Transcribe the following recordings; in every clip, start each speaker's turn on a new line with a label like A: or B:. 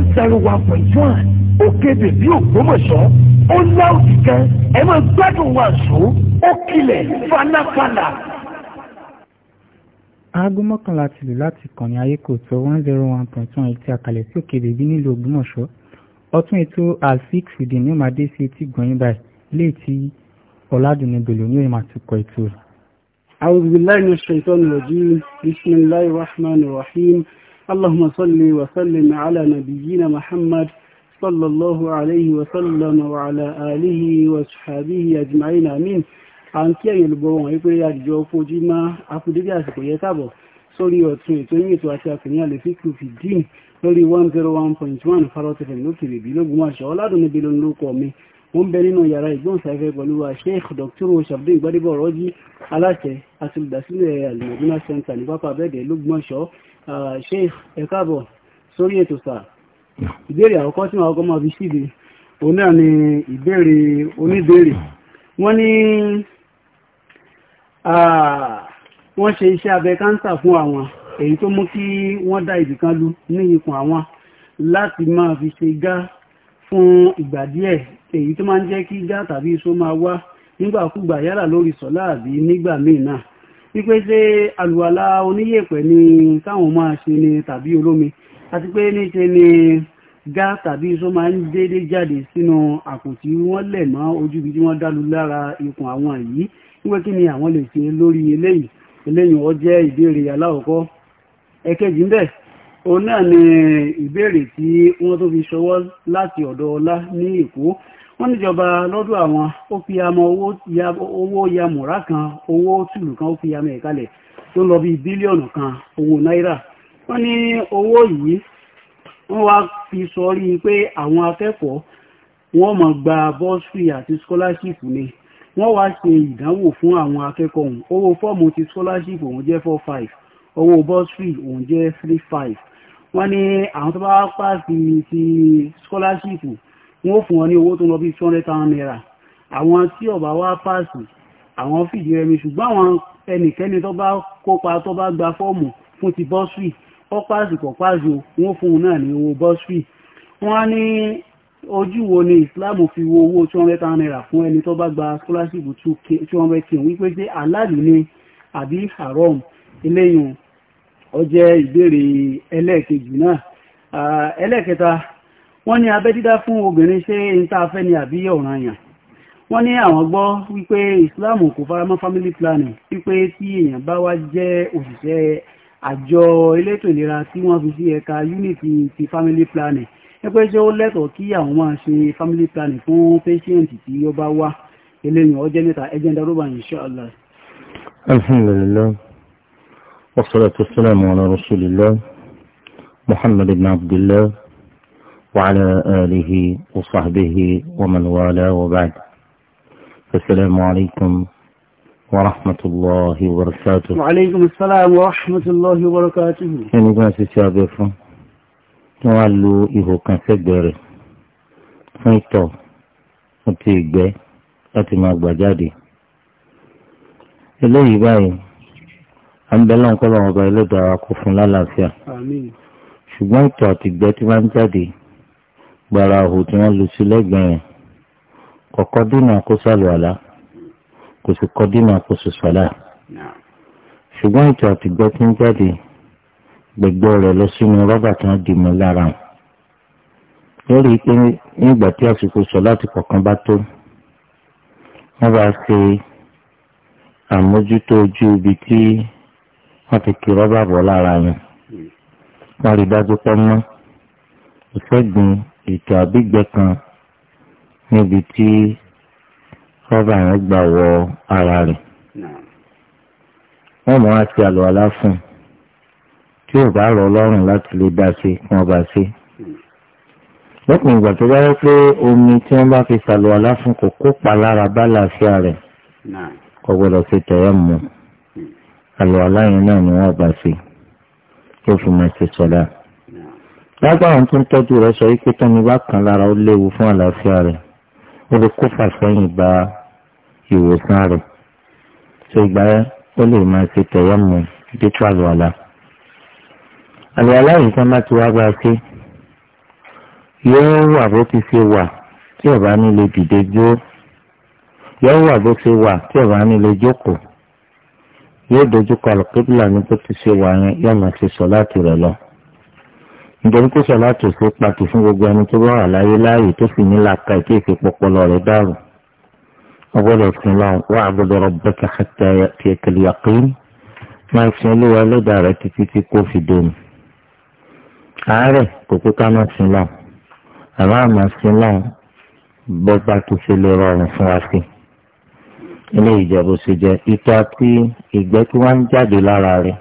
A: one zero one point one ó kéde bí ògbómọ̀ṣọ́ ó láòdì kan ẹ máa gbádùn wa ṣó ó kilẹ̀ fanáfanà. aago
B: mọ́kànlá ti lù láti kàn ní ayékòótọ́ one zero one point one ètò àkàlẹ̀ tí ó kéde bí nílùú ògbómọ̀ṣọ́
C: ọtún ètò alfik fìdí ní màdé sí etí gbọ̀nyìn báyìí léè tí
A: ọ̀làdùnní bèlò ní ìmọ̀ àtúkọ̀ ètò rẹ̀.
C: أعوذ بالله من الشيطان الرجيم بسم الله الرحمن الرحيم اللهم صل وسلم على نبينا محمد صلى الله عليه وسلم وعلى آله وصحبه أجمعين آمين à ń kí ẹ̀yin olùgbọ́ wọn wípé àdìjọ fojú má akudébí àsìkò yẹ káàbọ̀ sórí ọ̀tún ètò yìí ètò àti àkùnrin àlèfíkù fìdí lórí one zero one point one farao tẹ̀lé lókèrè bí lógún àṣọ ọ̀làdùn níbi ló ń lóko mi wọ́n bẹ nínú yàrá ìgbóhùnsáfẹ́ pẹ̀lú wa sheikh dr shabdin gbadebo ọ̀rọ̀jì aláṣẹ àti olùdásílẹ̀ alimọ̀dúnà center ní pápá abẹ́ẹ̀dẹ̀ lógún àṣọ Ah, Sheikh ẹ káàbọ̀ sórí ètò sà ìbéèrè àkọ́kọ́ tí wọ́n gọ́mọ̀ fi síde òun náà ni ìbéèrè oníbéèrè wọ́n ní wọ́n ṣe iṣẹ́ abẹ káńsà fún àwọn èyí tó mú kí wọ́n dá ibìkan lu ní ikùn àwọn láti máa fi ṣe gá fún ìgbà díẹ̀ èyí tó máa ń jẹ́ kí gá tàbí iṣó máa wá nígbàkúgbà yálà lórí sọ́lá àbí nígbà míì náà wípé ṣé àlùwàlá oníyẹ̀pẹ̀ ni káwọn máa ṣe ni tàbí olómi àti pé níṣe ni gá tàbí iṣó máa ń déédéé jáde sínú àpò tí wọ́n lẹ̀ mọ́ ojú ibi tí wọ́n dálu lára ikùn àwọn yìí wípé kí ni àwọn lè ṣe lórí eléyìí eléyìí wọ́n jẹ́ ìbéèrè aláwọ̀kọ́ ẹ̀kejì ń òun náà ni ìbéèrè tí wọ́n tó fi ṣọwọ́ láti ọ̀dọ̀ ọlá ní èkó wọ́n níjọba lọ́dọ̀ àwọn ó fi amọ owó ya mọ̀rá kan owó tùlù kan ó fi amọ ìkalẹ̀ tó lọ bí bílíọ̀nù kan owó náírà wọ́n ní owó yìí wọ́n wá fi sọrí pé àwọn akẹ́kọ̀ọ́ wọ́n máa gba bursary àti scholarship ni wọ́n wá ṣe ìdánwò fún àwọn akẹ́kọ̀ọ́ òun owó fọ́ọ̀mù ti scholarship òun jẹ́ four five owó bursary òun jẹ́ three five wọ́n ní àwọn tó bá pàṣẹ ti scholarship òun wọ́n fún wọn ní owó tó lọ bí two naira àwọn tí ọ̀bá wá páàsì àwọn fìdí rẹmi ṣùgbọ́n àwọn ẹnikẹ́ni tó bá kópa tó bá gba fọ́ọ̀mù fún ti bọ́sùrì ọ páàsì kọ̀ páàsì o wọ́n fún un náà ní owó bọ́sùrì wọ́n á ní ojú wo ni Islam fi wo owó two naira fún ẹni tó bá gba scholarship two hundred k wípé ṣé aláàlú ni àbí haram eléyìí ó ìbéèrè ẹlẹ́ẹ̀kejì náà ah, ẹlẹ́ẹ̀kẹta wọ́n ní abẹ́ dídá fún obìnrin ṣé n tá a fẹ́ ni àbí ọ̀ranyàn wọ́n ní àwọn gbọ́ wípé Islam kò faramọ́ family planning wípé tí èèyàn bá wá jẹ́ òṣìṣẹ́ àjọ elétò ìlera tí wọ́n fi sí ẹ̀ka unity ti family planning wípé ṣé ó lẹ́tọ̀ọ́ kí àwọn máa ṣe family planning fún patient tí ó bá wá eléyìn ọjọ́ níta ẹjẹ́ ìdárúbà inshallah.
B: alhamdulillah wassalatu wassalamu ala rasulillah muhammad ibn abdullah. وعلى آله وصحبه ومن والاه وبعد السلام عليكم ورحمة الله وبركاته
C: وعليكم السلام ورحمة الله وبركاته
B: ẹni gbọ́n ṣe ṣe abẹ fún wọ́n wá lo ihò kan sẹ́gbẹ̀rẹ̀ fún ìtọ̀ àti ìgbẹ́ láti máa gbà jáde eléyìí báyìí à ń bẹ lọ́nkọ́ lọ́wọ́ ọba ẹlẹ́dàá wa kò fún lálàáfíà ṣùgbọ́n ìtọ̀ àti ìgbẹ́ tí wọ́n ń jáde gbàrà òhù tí wọ́n lu sí lẹ́gbẹ̀ẹ́ yẹn kọ̀kọ́ dínà kó sàlùwàlá kò sì kọ́ dínà kó sì sọ̀lá. ṣùgbọ́n ìtọ̀ àtìgbọ́ tí ń jáde gbẹ̀gbẹ́ rẹ̀ lọ sínú rọ́bà tí wọ́n dì mọ́ lára wọn. lórí pé nígbà tí àsìkò sọ̀lá ti kọ̀ọ̀kan bá tó wọ́n bá ṣe àmójútó ojú ibi tí wọ́n ti kí rọ́bà bọ̀ lára yẹn. Hmm. wọ́n rí dájú pé mọ́ ìṣẹ́gun ìtọ̀ àbígbẹ́ kan níbi tí rọ́bà yẹn gbà wọ ara rẹ̀ wọ́n mọ̀ á ti àlùwàlá fún un tí ò bá rọ̀ lọ́rùn láti lè dá sí kí wọ́n bá sí. lọ́pọ̀ ìgbà tó bá yẹ pé omi tí wọ́n bá fi ṣàlùwàlá fún kò kópa lára bá làáfíà rẹ̀ kò gbọ́dọ̀ fi tẹ̀yẹ̀ mọ́ hmm. àlùwàlá yẹn náà ni wọ́n bá sí kí ó fi máa ṣe sọ́dá lágbára tó ń tọ́jú rẹ̀ sọ wípé tẹ́ni bá kan lára ó léwu fún àlàáfíà rẹ̀ ó lè kó fàsẹ́yìn bá ìwòsàn rẹ̀ tó ìgbà yẹn ó lè máa ṣe tẹ̀yẹ́ mu dípò àlùwàlà. àlùwàlà yìí ká má ti wá gba sí yóò wà bó ti ṣe wà tí ọ̀bá ní lè dìde jó yóò wà bó ṣe wà tí ọ̀bá ní jókòó yóò dojú kọ àlùkébùlà ní bó ti ṣe wà yẹn yóò máa ṣe sọ láti rẹ̀ lọ nítorí pé sọ̀láàtì ṣe pàtì fún gbogbo ẹni tó bá wà láyé láàyè tó sì ní làkà kí èsì pọpọlọ rẹ̀ dàrú ọgbọ́dọ̀ fún lọ wà àgbọ́dọ̀ rabbaka hatta ya'tiyakal yaqin máa fi olúwa ẹlẹ́dàá rẹ̀ títí tí kò fi dòmù àárẹ̀ kò pé ká má sin lọ àmọ́ àmọ́ sin lọ bọ́ bá tó ṣe lè rọrùn fún wa sí ilé ìjọba ṣe jẹ ìtọ́ àti ìgbẹ́ tí wọ́n ń jáde lára rẹ̀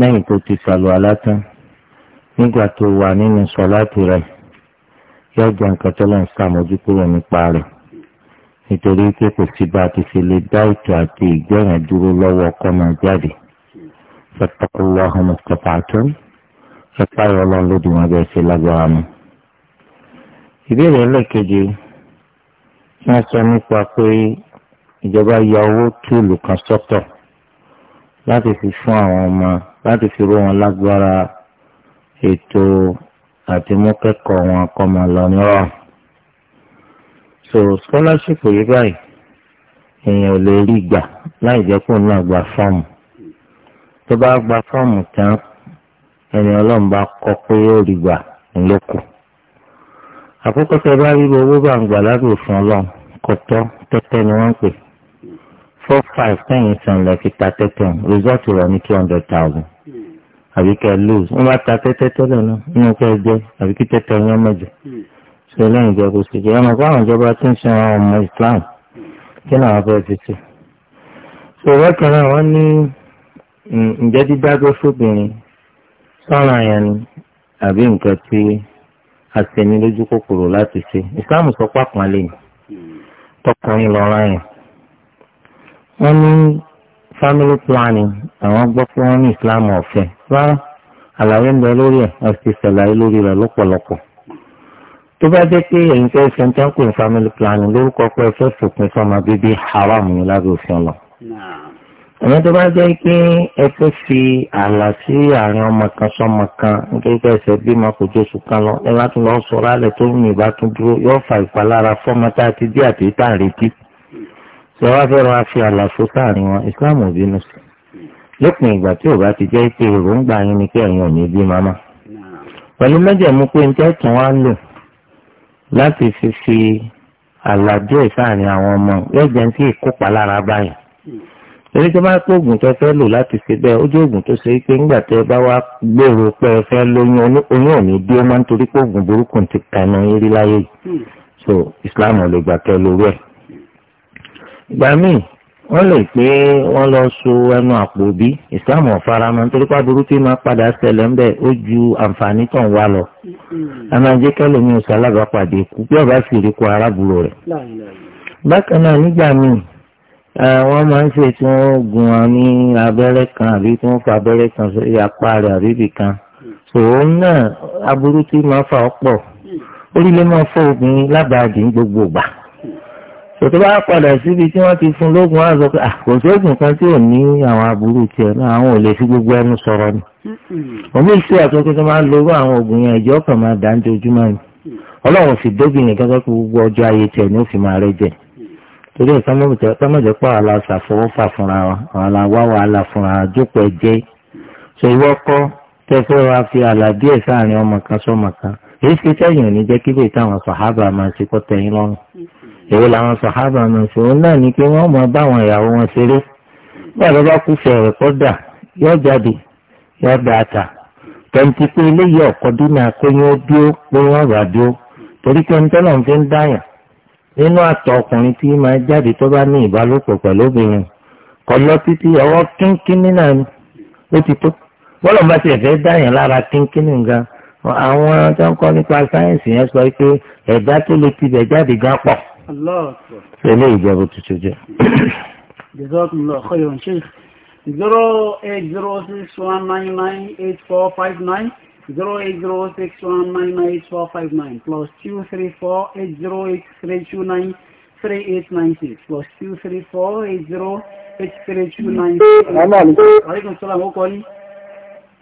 B: lẹ́yìn tó ti sàlù alátán nígbà tó wà nínú sọláàtì rẹ̀ yóò jẹ nǹkan tó lọ́n sàmójú kúrò nípa rẹ̀ nítorí pé kò sí bá a ti fi lè dá ètò àti ìgbẹ́rùn dúró lọ́wọ́ ọkọ máa jáde fẹtọkùlọ ọmọ pàtó ẹpá ìrọlọ lòdì wọn bẹ́ẹ̀ ṣe lágbára mu. ìbéèrè ẹlẹ́ẹ̀kejì wọ́n sọ nípa pé ìjọba ya owó túùlù kan sọ́tọ̀ láti fi fún àwọn ọmọ láti fi ró wọn lágbára ètò àti mú kẹ́kọ̀ọ́ wọn kọ́ máa lọ nírọ̀. so scholarship yìí báyìí èèyàn ò lè rí gbà láì jẹ́ kó náà gba fọ́ọ̀mù tó bá gba fọ́ọ̀mù tán ẹni ọlọ́run bá kọ pé ó rí gbà ńlọ́kù. àkókò tẹ bá rí owó bá ń gbà lábẹ́ òfin ọlọ́run kọ̀tọ́ tẹ́tẹ́ ni wọ́n ń pè four five ten yìí sàn lẹ́ẹ̀kí ta tẹ́tẹ́ result rẹ̀ ní two hundred thousand àbí kẹ́ lose wọ́n bá ta tẹ́tẹ́ tẹ́lẹ̀ náà nínú kẹ́ jẹ́ àbí kí tẹ́tẹ́ yẹn mọ̀ jẹ́ ṣe lẹ́yìn ìjọba kò sì jẹ́ ọmọ kó àwọn ìjọba tó ń ṣe àwọn ọmọ Islam kí ni àwọn fẹ́ẹ́ fi ṣe. ṣe bákan náà wọ́n ní ǹjẹ́ dídágbé fóbìnrin sọ́ràn àyàn ni àbí nǹkan tí a ṣe ní lójú kòkòrò láti ṣe Islam sọ pàpọ̀ lè tọkùnrin lọ́ra yẹn. wọ́n ní family planning àwọn gbọ́ pé wọ́n ní Islam ọ̀fẹ́ rárá àlàyé ń bẹ lórí ẹ̀ a ti ṣàlàyé lórí rẹ̀ lọ́pọ̀lọpọ̀ tó bá jẹ́ pé ẹ̀yin fẹ́ ṣe ń tẹ́kùn family planning lórúkọ pé ẹ fẹ́ fòpin sọ́mọ bíbí haram ní lábẹ́ òfin lọ. ẹ̀yin tó bá jẹ́ pé ẹ fẹ́ fi ààlà sí àárín ọmọ kan sọ́mọ kan nítorí pé ẹsẹ̀ bímọ kò jó oṣù kan lọ ẹ bá tún lọ sọ rálẹ̀ tó ń yìnbá tún dúró yóò fa ìpalára fọ́mọ tá a ti dí àti tá a retí. ṣé wàá fẹ́ rọra àlàfo sáàrin wọn ìsìláàmù bínú sí i lópin ìgbà tí ò bá ti jẹ́ pé èròǹgbà yín ni pé ẹ̀yin ò ní bí màmá. pẹ̀lú mẹ́jẹ̀mú pé ń tẹ́tàn wá lò láti fi fi àlàjọ ìsáàrin àwọn ọmọ lẹ́gbẹ̀ẹ́ tí ìkópa lára báyìí. torí tó bá pé oògùn tó fẹ́ lò láti fi bẹ́ẹ̀ ó jẹ́ oògùn tó ṣe pé ńgbà tẹ́ bá wá gbèrò pé ẹ fẹ́ lóyún oyún ò bí ó máa ń torí pé oògùn burúkú ti kànú yín láyé yìí. so Islam ò lè gbà kẹ́ lórí ẹ̀. ìgbà míì wọ́n lè pé wọ́n lọ so ẹnu àpò bí islam ọ̀faramọ́ nítorí pé aburú tí máa padà ṣẹlẹ̀ ń bẹ̀ ó ju àǹfààní tàn wá lọ. Mm-hmm. a máa jẹ́ kẹ́lòmí oṣù alábàápàdé kú bí ọba sì rí kó arábùrò rẹ̀. bákan náà nígbà míì wọ́n máa ń ṣe tí wọ́n gun wọn ní abẹ́rẹ́ kan àbí tí wọ́n fa abẹ́rẹ́ kan sórí apá rẹ̀ àbí ibì kan. òun náà aburú máa fa ọ̀pọ̀ mm. orílẹ̀ máa fọ́ obìnrin lábàádì tòtò bá padà síbi tí wọ́n ti fún lóògùn á sọ pé ah, kò sóògùn kan tí ò ní àwọn aburú tiẹ̀ náà àwọn ò lè fi gbogbo ẹnu sọ̀rọ̀ ni. omi ìṣe àtúntò tó máa ń lorú àwọn oògùn yẹn ìjọ kan máa dá ojoojúmọ́ ni mm. ọlọ́run sì dóbìnrin gẹ́gẹ́ pé gbogbo ọjọ́ ayé tiẹ̀ ni ó fi máa rẹ́ jẹ. Mm. torí ẹ̀ sọ́mọ̀jẹ̀ pọ̀ àlà ṣàfọwọ́fà fúnra wa àlà wàhálà fúnra jókòó ẹ̀jẹ̀ so ìwọ kọ́ tẹ́fẹ́ wa fi àlà díẹ̀ sáàrin ọmọ kan sọ́mọ kan èyí ṣe tẹ́yìn ò ní jẹ́ kí lè táwọn sàhábà èwo làwọn sàhábà náà ṣe òun náà ni pé wọ́n máa bá àwọn ìyàwó wọn ṣeré bí àlọ́ bá kú fẹ́ rẹ̀ kọ́dà yóò jáde yóò da ata tẹ̀ǹtì pé eléyìí ọ̀kọ́ dínà pé yóò dúó pé wọ́n rà dúó torí pé ntọ́nà fi ń dáyàn nínú àtọ̀ ọkùnrin tí máa jáde tó bá ní ìbálòpọ̀ pẹ̀lú obìnrin kọ lọ títí ọwọ́ kínkínní náà ni ó ti tó bọ́lọ̀ bá tiẹ̀ fẹ́ dáyàn lára kínkínní nǹkan àwọn tó ń kọ́ nípa sáyẹ́ǹsì yẹn sọ pé ẹ̀dá tó lè tibẹ̀ jáde gan pọ̀
C: Ṣẹlẹ̀
B: ìjẹ́bù tuntun jẹ́.
C: Jazakumullahu khairan Sheikh. 08061998459, 08061998459, plus 2348083293896, plus 2348083293896. Aleykum salaam, ó kọ́ ní.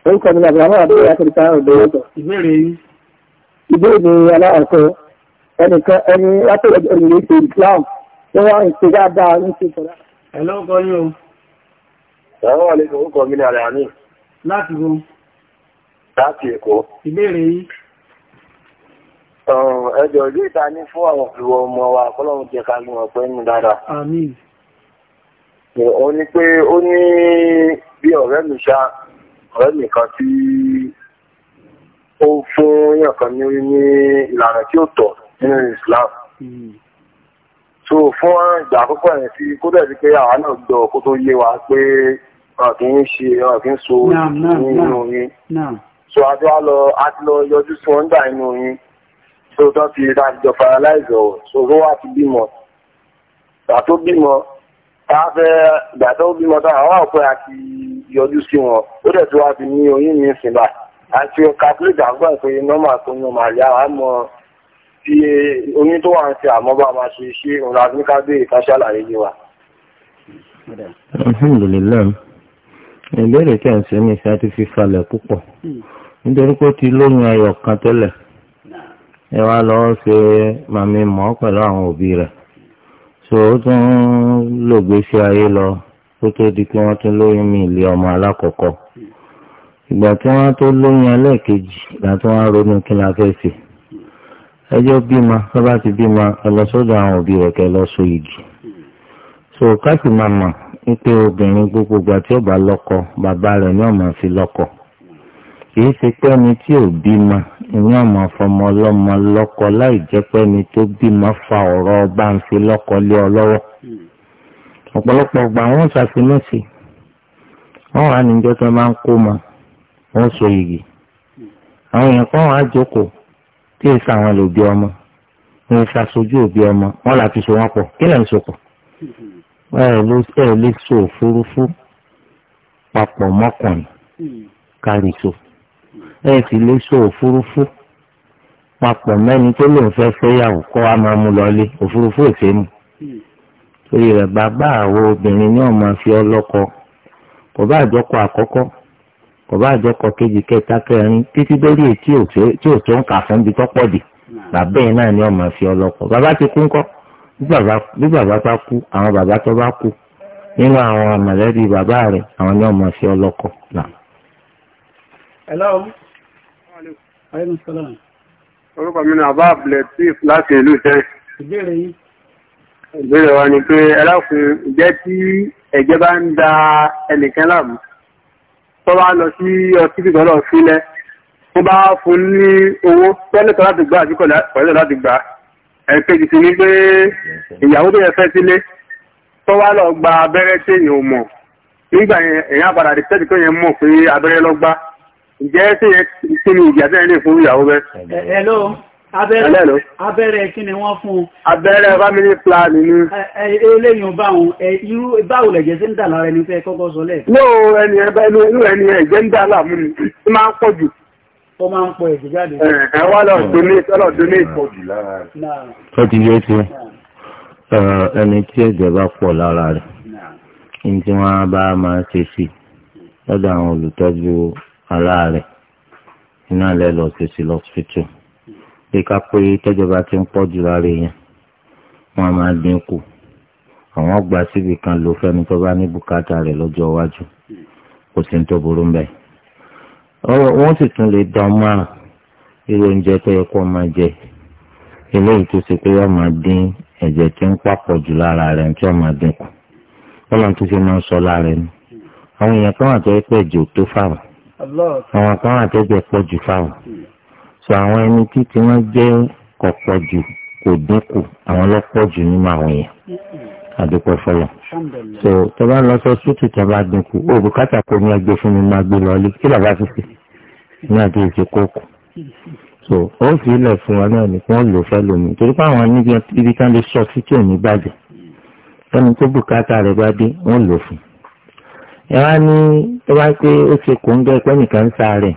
A: Orúkọ mi làbí àwọn àbúrò àti ìta ọ̀dọ́ ọ̀tọ̀. Ìbéèrè yìí. Ìbéèrè aláàkọ́ ẹnìkan ẹni látọ̀rọ̀ ìrìnlẹ̀ ètò Islam tí wọ́n ń ṣe dáadáa ní ṣe sọ̀rọ̀. Hello kọ ní o. Ẹ̀rọ wà lẹ́nu orúkọ mi ní àrẹ àní. Láti wo? Láti Èkó. Ìbéèrè yìí. Ẹjọ́ ìlú ìta ní fún àwọn ìwọ ọmọ wa kọ́lọ́run jẹ ká ní ọ̀pẹ́ nù dáadáa. Àmín. Ó ní pé ó ní bí ọ̀rẹ́ mi ṣá ọ̀rẹ́ mi kan tí ó fún yàn kan ní ìlànà tí ó tọ́ nínú Islam hmm. so fún ìgbà àkọ́kọ́ yẹn sí kó dẹ̀ pé àwa náà gbọ́ kó tó yé wa pé kì í ṣe kì í so nínú
D: yín
A: so a ti wá lọ a yọjú sí wọn gbà nínú yín so tó ti ta paralyze ọ̀ so tó wá ti bímọ ìgbà tó bímọ tá fẹ́ ìgbà tó bímọ tá àwọn ọ̀pẹ àti yọjú sí wọn ó dẹ̀ tó wá ti ní oyún mi sìn báyìí àti calculate àgbà pé nọ́mà tó yan màá yá àmọ́ tí oyún tó wà ń ṣe àmọ́ bá máa ṣe ṣe ọ̀rọ̀ àdúgbàgbé ìkáṣàlàyé e, yìí wà.
B: alhamdulilayi ìbéèrè tí a ń ṣe ní ìṣe àti fífalẹ̀ púpọ̀ nítorí pé ó ti lóyún ẹyọ kan tẹ́lẹ̀ ẹ wá lọ ṣe màmí mọ́ pẹ̀lú àwọn òbí rẹ̀ so ó tún lògbèsè ayé lọ kó tó di pé wọ́n tún lóyún mi ilé ọmọ alákọ̀ọ́kọ́ ìgbà tí wọ́n tó lóyún ẹlẹ́ẹ̀kejì ìgbà tí wọ́n ronú kí la fẹ́ ṣe. ẹjọ́ bímọ ẹ ti bímọ ẹ àwọn òbí rẹ̀ kẹ́ lọ so igi so káàkiri máa mọ̀ wípé obìnrin gbogbogbò àti ọba lọ́kọ bàbá rẹ̀ ni ọmọ fi lọ́kọ kìí ni ọmọ fọmọ ọlọ́mọ lọ́kọ láì jẹ́ pé ẹni tó bímọ fa ọ̀rọ̀ bá ń fi lọ́kọ lé ọ lọ́wọ́ ọ̀pọ̀lọpọ̀ ọgbà wọn ṣàfihàn sí wọn wọn igi àwọn wà tí èsì àwọn lòbí ọmọ wọn èsì aṣojú òbí ọmọ wọn là fi so wọn pọ̀ kí lẹ́yìn so pọ̀ ẹ ló ẹ lè so òfurufú papọ̀ mọ́kànlá kárí so ẹ sì lè so òfurufú papọ̀ mẹ́ni tó lòun fẹ́ fẹ́yàwó kọ́ wa máa mú lọlé òfurufú èsè mu torí rẹ̀ bàbá àwọn obìnrin ní ọmọ fi ọlọ́kọ kò bá àjọkọ àkọ́kọ́ kò bá àjọkọ kejì kẹta kẹrin títí dórí ètí tí ò tó ń kà fún ibi tọ́pọ̀ dì bàbá yìí náà ni ọmọ fi ọlọ́kọ bàbá ti kú ńkọ́ bí bàbá bá kú àwọn bàbá tó bá kú nínú àwọn mọ̀lẹ́bí bàbá rẹ̀ àwọn ni ọmọ fi ọlọ́kọ là.
A: orúkọ mi ni àbá abdulatif láti ìlú tẹ.
C: ìbéèrè wa ni pé ẹ lákùn
A: jẹ́ tí ẹ̀jẹ̀ bá ń da ẹnìkan láàmú tó bá lọ sí ọsibí tó lọ sílẹ̀ wọ́n bá fún ní owó tọ́lẹ̀tọ́ láti gbà àti kọ̀lẹ́tọ̀ láti gbà ẹ̀kejì sí ní pé ìyàwó tó yẹ fẹ́ sílé tó wá lọ gba abẹ́rẹ́ tí èèyàn ò mọ̀ nígbà yẹn èèyàn padà rí tẹ́tì tó yẹn mọ̀ pé abẹ́rẹ́ lọ gbá ǹjẹ́ tí yẹn kí ni ìjà tẹ́yìn lè fún ìyàwó bẹ́ẹ̀. Abẹ́rẹ́
C: kí ni wọ́n fún? Abẹ́rẹ́ family plan ni. Eléyìn báhùn, irú báhùn lẹ̀jẹ̀ sí ń dà lára ẹni fẹ́ kọ́kọ́ sọ lẹ̀.
A: Ló ẹni ẹbẹ́ inú ẹni ẹ̀jẹ̀ ń dà láàmú ni, ó máa ń pọ̀ jù. Ó máa ń pọ̀ ẹ̀jẹ̀ jáde. Ẹ wá lọ donate, lọ donate pọ̀ jù lára rẹ̀.
B: Ó ti yé ti ẹni tí ẹ̀jẹ̀ bá pọ̀ lára rẹ̀, ní tí wọ́n bá máa ṣe sí lọ́dọ̀ àwọn bí ká pé tẹ́jọba ti ń pọ̀ jù lára èèyàn wọ́n á máa dín kù àwọn gba síbi kan lò fẹ́ni tó bá ní bùkátà rẹ̀ lọ́jọ́ iwájú kò sí ní tó burú ń bẹ̀. wọ́n sì tún lè dán márùn irú oúnjẹ tó yẹ kó máa jẹ eléyìí tó ṣe pé wọ́n máa dín ẹ̀jẹ̀ tí ń pàpọ̀ jù lára rẹ̀ tí wọ́n máa dín kù wọ́n máa tún ṣe máa ń sọ lára ẹni. àwọn èèyàn kan wà tó yẹ pé ẹ̀jẹ̀ tó fáwọn àwọn kan wà tó yẹ pọ̀ jù fáwọn sọ àwọn ẹni tí tí wọ́n jẹ́ kọ̀pọ̀ jù kò dínkù àwọn lọ́pọ̀ jù nínú àwọn èèyàn àdúpọ̀ fọlọ̀ so tó bá lọ sọ sútù tó bá dínkù òbúkátà kò ní ẹgbẹ́ fún mi máa gbé lọ lé kí làbá fi ní àti ìṣe kókò so ó fi ilẹ̀ fún wa náà ní kí wọ́n lò fẹ́ lómi torí pé àwọn níbi ibi kan lè sọ sí tí ò ní bàjẹ́ tẹ́ni tó bùkátà rẹ̀ bá dé wọ́n lò fún ẹ wá ní tó pé ó ṣe kò ń bẹ́ẹ̀ pẹ́ nìkan ń sáré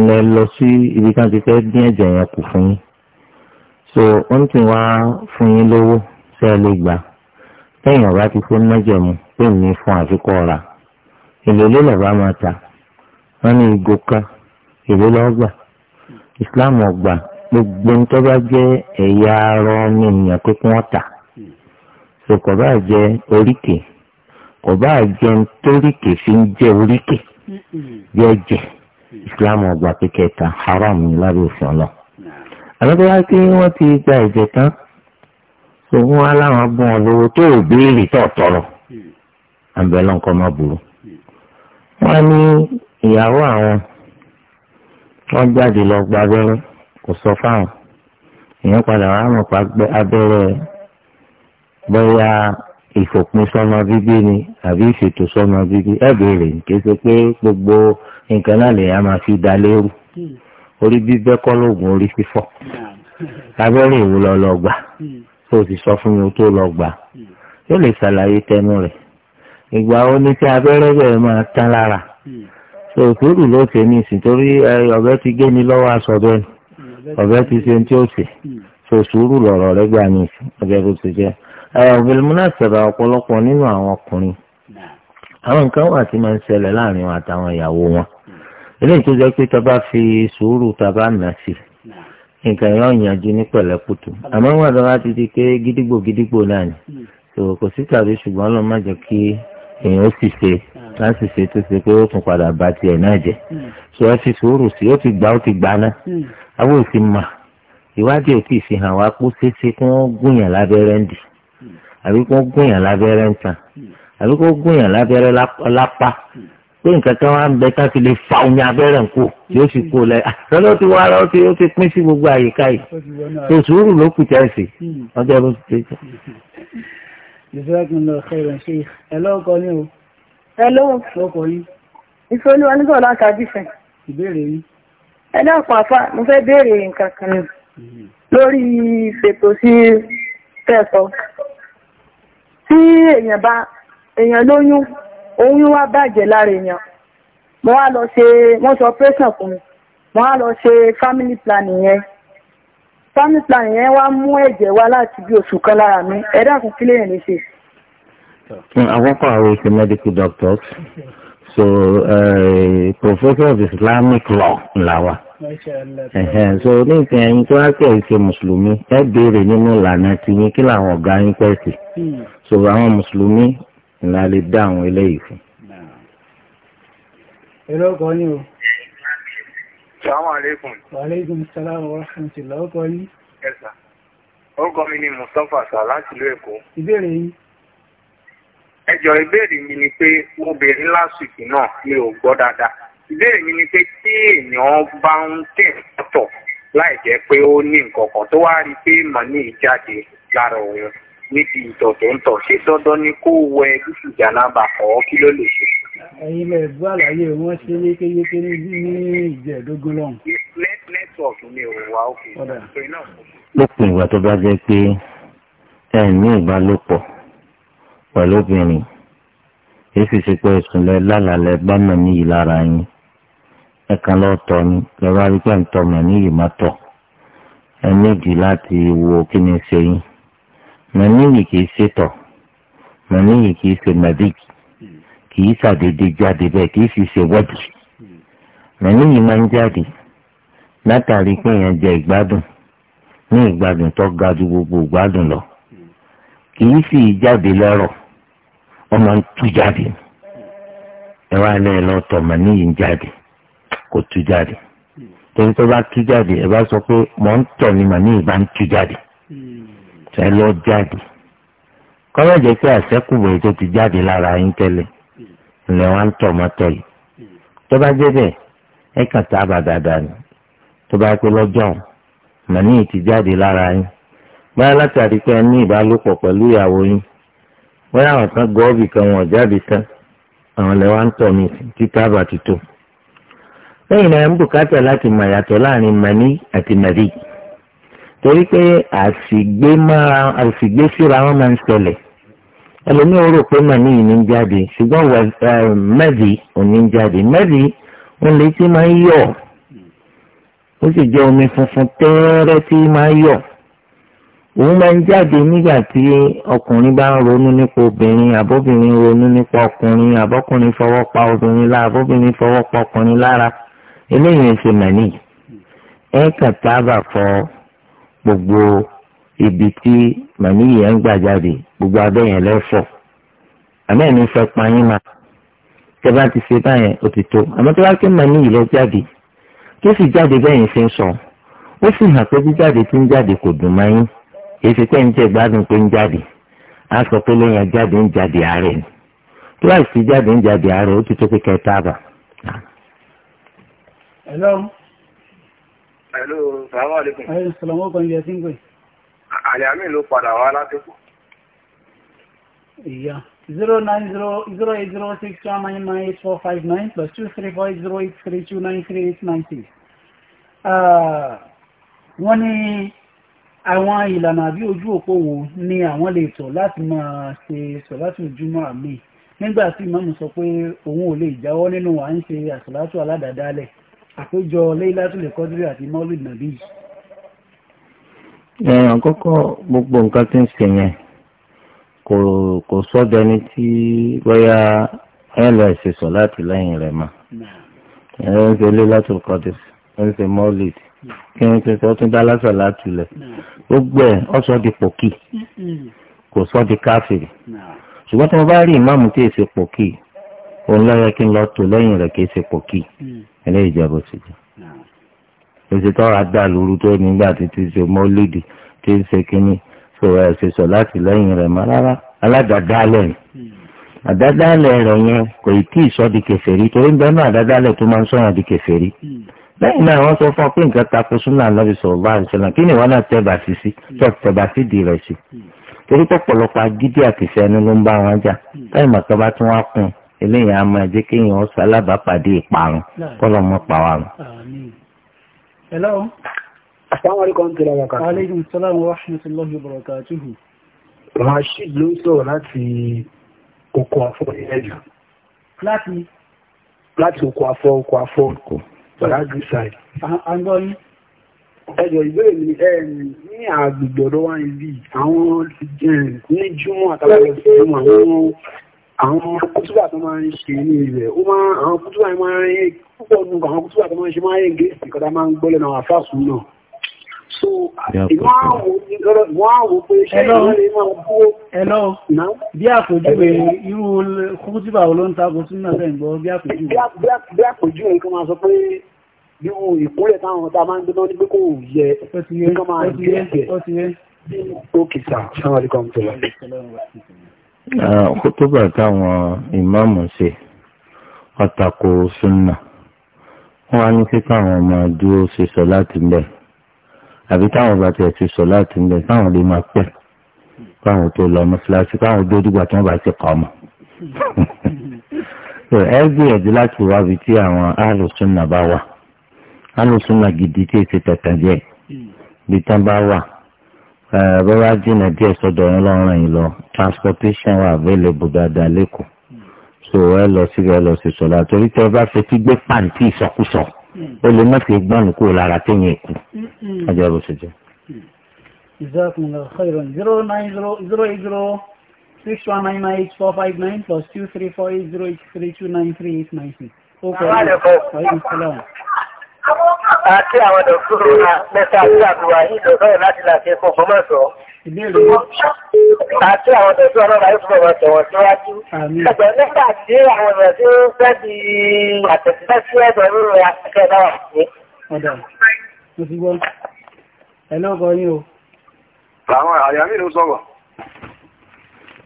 B: ńlẹ lọ sí ibi kan ti fẹ́ dín ẹ̀jẹ̀ yẹn kù fún yín so ó ń tì wá fún yín lówó ṣé ẹ lè gbà lẹ́yìn ọ̀rá ti fún mẹ́jẹ̀mú pé mi fún àfikún ọ̀rà èlò ilé lọ́ba máa ta wọ́n ní ìgò kan èlò lọ́gbà Islam ọgbà gbogbo ń tọ́ba jẹ́ ẹ̀yà arọ ní ènìyàn pé kí so kò bá jẹ́ oríkè kò bá jẹ́ toríkè fi ń jẹ́ oríkè jẹ́ jẹ́ islam ọgbà kékẹta haram ni lábẹ́ òfin ọlọ. àlọ́dọ́ wá pé wọ́n ti gba ẹ̀jẹ̀ tán òun wá láwọn bùn ọ lówó tó ò béèrè tó tọrọ hmm. àbẹ̀lọ́ nǹkan má burú. Hmm. wọ́n ní ìyàwó àwọn wọ́n jáde lọ gba abẹ́rẹ́ kò sọ fáwọn èèyàn padà wá mọ̀ pa abẹ́rẹ́ bóyá ìfòpin sọmọ bíbí ni àbí ìfètò sọmọ bíbí ẹ béèrè nké ṣe pé gbogbo nǹkan náà lè máa fi dá lérú orí bíbẹ́ kọ́ lóògùn orí fífọ́ abẹ́rẹ́ ìwò lọ lọ gbà tó o sọ fún mi tó lọ gbà yóò lè ṣàlàyé tẹnu rẹ̀ ìgbà wo ni tí abẹ́rẹ́ bẹ̀rẹ̀ máa tán lára tó o kúrò ló ṣe ní ìsìn torí ọ̀bẹ ti gé ni lọ́wọ́ aṣọ bẹ́ẹ̀ ọ̀bẹ ti ṣe ní tí ó ṣe tó o sùúrù lọ̀rọ̀ rẹ̀ gbà ní ìsìn ọ̀bẹ tó ti jẹ́ Eh, bilmunasaba ọ̀pọ̀lọpọ̀ nínú àwọn ọkùnrin àwọn nǹkan wà tí máa ń ṣẹlẹ̀ láàrin wọn àtàwọn ìyàwó wọn hmm. eléyìí tó jẹ́ pé tá fi sùúrù tá nà sí nǹkan yóò yanjú ní pẹ̀lẹ́kùtù hmm. àmọ́ wọn àti wọn di pé gídígbò gídígbò náà ni hmm. kò sí tàbí ṣùgbọ́n ló má jẹ́ kí èèyàn ó sì ṣe láti ṣe tó ṣe pé ó tún padà bà tiẹ̀ náà jẹ́ sọ ẹ fi sùúrù sí ó ti gbà ó ti gbà náà àwọn ò sì mà ìwádìí ò tí ì fi hàn wá pé ó ṣeé ṣe kí wọ́n gúnyàn lábẹ́rẹ́ ń dì àbí kó gúnyàn lábẹ́rẹ́ ń tàn àbí kó gúnyàn lábẹ́rẹ́ lápá pé nǹkan kan wá ń bẹ ká fi lè fa omi abẹ́rẹ́ ń kó yóò sì kó lẹ lọ́dọ̀ tí wàá lọ́dọ̀ tí ó ti pín sí gbogbo àyíká yìí tó sùúrù ló kù tẹ́sí ọjọ́ bó ti tẹ́jọ́.
C: ẹ lọ́kọ ní o. ẹ lọ́kọ yín. ìṣòlú onígbọ̀ láta dífẹ̀. àfa mo fẹ́ béèrè nǹkan kan lórí
A: ìfètò sí tẹ̀sán tí èèyàn bá èèyàn lóyún oyún wá bàjẹ́ lára èèyàn mo wá lọ ṣe wọ́n sọ operation fún mi mo wá lọ ṣe family planning yẹn family
C: planning yẹn wá mú ẹ̀jẹ̀ wá láti bí oṣù kan lára mi ẹ̀dá kún kílẹ̀ yẹn ní
B: àkọ́kọ́ àwọn ètò medical doctors so uh, eh, professor of Islamic law làwà so oníkan ẹyin tó wá kẹ́ ẹ̀ ṣe mùsùlùmí ẹ béèrè nínú ìlànà tiyín kí làwọn ọ̀gá yín pẹ̀ sí so àwọn mùsùlùmí ìlà lè dá àwọn eléyìí fún.
C: èrò ọkọ ni o.
A: salaamaleykum.
C: waaleykum salaam wa rahmatulah ọkọ yín.
A: ẹ sà orúkọ mi ni Mustapha sà láti ìlú Èkó. ìbéèrè yín ẹjọ ìbéèrè mi ni pé mo béèrè lásìkò náà mi ò gbọ́ dáadáa ìbéèrè mi ni pé tí èèyàn bá ń tẹ̀ tọ̀ láì jẹ́ pé ó ní nǹkan kan tó wá rí i pé mọ̀nì jáde lára òun níbi ìtọ̀ tó ń tọ̀ ṣé dandan ni kó wẹ dúkù jànábà ọ̀ kí ló lè ṣe.
C: ẹ̀yin lè gbọ́ àlàyé wọn ṣe yékéyéké ní ìjẹ́ẹ̀dógún lọ́hùn.
A: network mi ò wá òkè.
B: lópin ìgbà tó bá jẹ́ pé ẹ ní ìbálòpọ̀ pẹ̀lú obìnrin èsì ṣe pé ìsúnlẹ̀ lálàlẹ̀ bá mọ̀ níyì lára yín ẹ̀kan lọ́tọ̀ ni lọ́wọ́ rí pé ǹtọ́ mà ní ìmọ̀ tọ̀ ẹ méjì láti wo kí ni ṣe yín mà níyì kìí ṣe tọ̀ mà níyì kìí ṣe mẹ́díkì kìí ṣàdédé jáde bẹ́ẹ̀ kìí sì ṣe wọ́dì mà níyì máa ń jáde látàrí pé èèyàn jẹ ìgbádùn ní ìgbádùn tó ga ju gbogbo ìgbádùn lọ kìí sì jáde lọ́rọ̀ ọmọ ń tú jáde ẹ wá lẹ́yìn lọ́tọ̀ mà ń jáde. kò tú jáde torí tó bá tú jáde ẹ bá sọ pé mọ ń ni màmí ìbá ń tú jáde ẹ lọ jáde kọ́lọ́ jẹ́ pé àṣẹ́kùbọ̀ ètò ti jáde lára yín tẹ́lẹ̀ ilẹ̀ wa ń tọ̀ mọ́tọ̀ yìí tó bá jẹ́ ẹ kàn tá a bá dáadáa ni tó bá pé lọ́jọ́ màmí ìtì jáde lára yín látàrí pé lẹ́yìn náà ń bùkátà láti mọ̀ yàtọ̀ láàrin mani àti madi torí pé àsìgbé síra wọn máa ń ṣẹlẹ̀ ẹlòmíì ó rò pé mani yìí ní jáde ṣùgbọ́n madi ò ní jáde madi òun lè ti máa ń yọ̀ ó sì jẹ́ omi funfun tẹ́ẹ́rẹ́ tí máa ń yọ̀ òun máa ń jáde nígbà tí ọkùnrin bá ń ronú nípa obìnrin àbóbìnrin ronú nípa ọkùnrin àbọ́kùnrin fọwọ́ pa obìnrin lára àbóbìnrin fọwọ́ pa ọkùnrin lára eléyìí ṣe màní ẹ kàn tábà fọ gbogbo ibi tí màní yìí ń gbà jáde gbogbo abẹ́ yẹn lẹ́fọ̀ àmọ́ ní sọ pààyàn máa tẹ bá ti ṣe báyẹn ó ti tó àmọ́ tẹ bá ké màní yìí lọ jáde tó sì jáde bẹ́yìn ṣe ń sọ ó sì hàn pé jíjáde tí ń jáde kò dùn máa yín èsì pé ń jẹ gbádùn pé ń jáde á sọ pé lẹ́yìn ajáde ń jáde àárẹ̀ ni tó bá sì jáde ń jáde àárẹ̀ ó ti tó pé kẹta àbà.
C: Hello.
A: Hello, salamu alaikum.
C: Ayé salamu ọkọ̀ ilẹ̀ sí ń pè.
A: Àlẹ́àmì ló padà wá látẹ́kù.
C: Ìyá. 0900806199859 plus 23408329389. Uh, wọ́n ní àwọn ìlànà àbí ojú òpó wo ni àwọn lè tọ̀ láti máa ṣe sọ̀látù júmọ́ àmì nígbà tí ìmáàmù sọ pé òun ò lè jáwọ́ nínú à ń ṣe àsọ̀látù aládàádálẹ̀ àpéjọ Laylatul Qadri àti Maulid Nabi.
B: ẹ̀yàn kọ́kọ́ gbogbo nǹkan tí ń ṣe yẹn kò kò sọ́dọ̀ ẹni tí bóyá ẹ lọ ìṣèṣọ láti lẹ́yìn rẹ̀ mà ẹ ń ṣe Laylatul Qadri ẹ ń ṣe Maulid kí ni tuntun ọtún dá lásà láti lẹ gbogbo ẹ ọsọ di pòkì kò sọ di káfíìrì ṣùgbọ́n tí mo bá rí ìmáàmù tí èsì pòkì òun lọ́yẹ kí n lọ tò lẹ́yìn rẹ̀ kì í pòkì mm eléyìí jẹ́ bó ti jẹ́ èsì tọ́ra dà lóru tó nígbà títí ṣe mọ́lídì tí ń ṣe kínní tó ẹ̀ sọ láti lẹ́yìn rẹ̀ mọ́ rárá aládàdálẹ̀ hmm. àdádálẹ̀ rẹ̀ yẹn kò tí ì sọ di kèfèrí torí ń bẹ́ẹ̀ náà àdádálẹ̀ tó máa ń sọ̀rọ̀ di kèfèrí hmm. lẹ́yìn náà wọ́n sọ fún ọ pé nǹkan takò súnà lọ́bì sọ̀rọ̀ bá àìsàn náà kí ni ìwọ náà tẹ́bà sí sí hmm. tẹ́bà sí di rẹ̀ sí torí pọ̀pọ̀lọpọ̀ agídí àtìfẹ́ ẹni ló ń bá wọn jà táyì màtọ́ bá tún wá kún un eléyìí a máa jẹ́ kéèyàn ó sálábàápàdé ìparun kọ́lọ̀ mọ́
C: pa wa rùn. hello. asalaamu alaykum tẹ̀lé wa kàtó. aleykum salaam
A: wa rahmatulahi wa barakatuhu. rasheed ló ń sọ̀rọ̀ láti oko afọ ìrẹ́jù. láti. láti oko afọ oko afọ oko balagu side.
C: àǹgọ́ yín. ìbéèrè mi ní
A: àgbègbè ọ̀dọ́ wa ń bí àwọn ní júmọ̀ àtàlẹ́ ìṣẹ́gun àwọn àwọn kútùbà tó máa ń ṣe ní ilẹ̀ ó máa àwọn kútùbà yẹn máa ń yẹ púpọ̀ nù àwọn kútùbà tó máa ń ṣe máa ń yẹ gẹ̀ẹ́sì kọ́dá máa ń gbọ́lẹ̀ náà àfáàsù náà so ìwọ́n àwò pé ṣe ìwọ́n lè máa kú
C: ẹ̀lọ́ bí àpèjúwe irú kútùbà ló ń takò sínú ẹ̀fẹ́ ìgbọ́ bí àpèjúwe
A: bí àpèjúwe nǹkan máa sọ pé
C: irú ìkúnlẹ̀ táwọn ọ̀tá máa ń gbé náà ní pé kò yẹ nǹkan máa ń gbé
A: ẹ̀jẹ̀ kótóbà
B: táwọn ìmáàmù ṣe ọ̀tàkò súnà wọ́n á ní kíkọ́ àwọn ọmọ dúró ṣe sọ láti ń bẹ̀ àbí táwọn bá tiẹ̀ ti sọ láti ń bẹ̀ káwọn lè máa pẹ̀ káwọn tó lọ mọ́ṣáláṣí káwọn dó dìgbà tí wọ́n bá ti kọ́ ọmọ. ẹ gbìyànjú láti wábi tí àwọn alùsùnà bá wà alùsùnà gidi tí èsì tẹ̀tẹ̀ jẹ́ bí tán bá wà bọ́lá jìnnà díẹ̀ sọ́dọ̀ yẹn lọ́rùn yìí lọ transportation wà available dáadáa lẹ́kọ̀ọ́ so ẹ lọ síbẹ̀ ẹ lọ sí sọ̀lá torí tẹ́ ẹ bá fẹ́ tí gbé pàǹtí ìsọkúsọ ó lè má fi gbọ́n nù lára téèyàn èkó ajá bó ṣe
C: zero nine zero zero eight zero six one nine nine eight four five nine plus two three four eight zero eight three two nine three eight nine six
A: àti àwọn dọ̀kúrò mẹ́ta àti àbúwà ìdọ̀bẹ̀rẹ̀ láti láti ẹkùn fọmọ́sọ̀. Àti àwọn dọ̀kúrò náà láti fọmọ́sọ̀ wọ́n síwájú. Ẹgbẹ̀ nígbà tí àwọn ọ̀rọ̀ tí ó fẹ́ di àtẹ̀síṣẹ́ sí ẹ̀dọ̀ rúrù akẹ́kẹ́ náà sí. Ọ̀dà, mo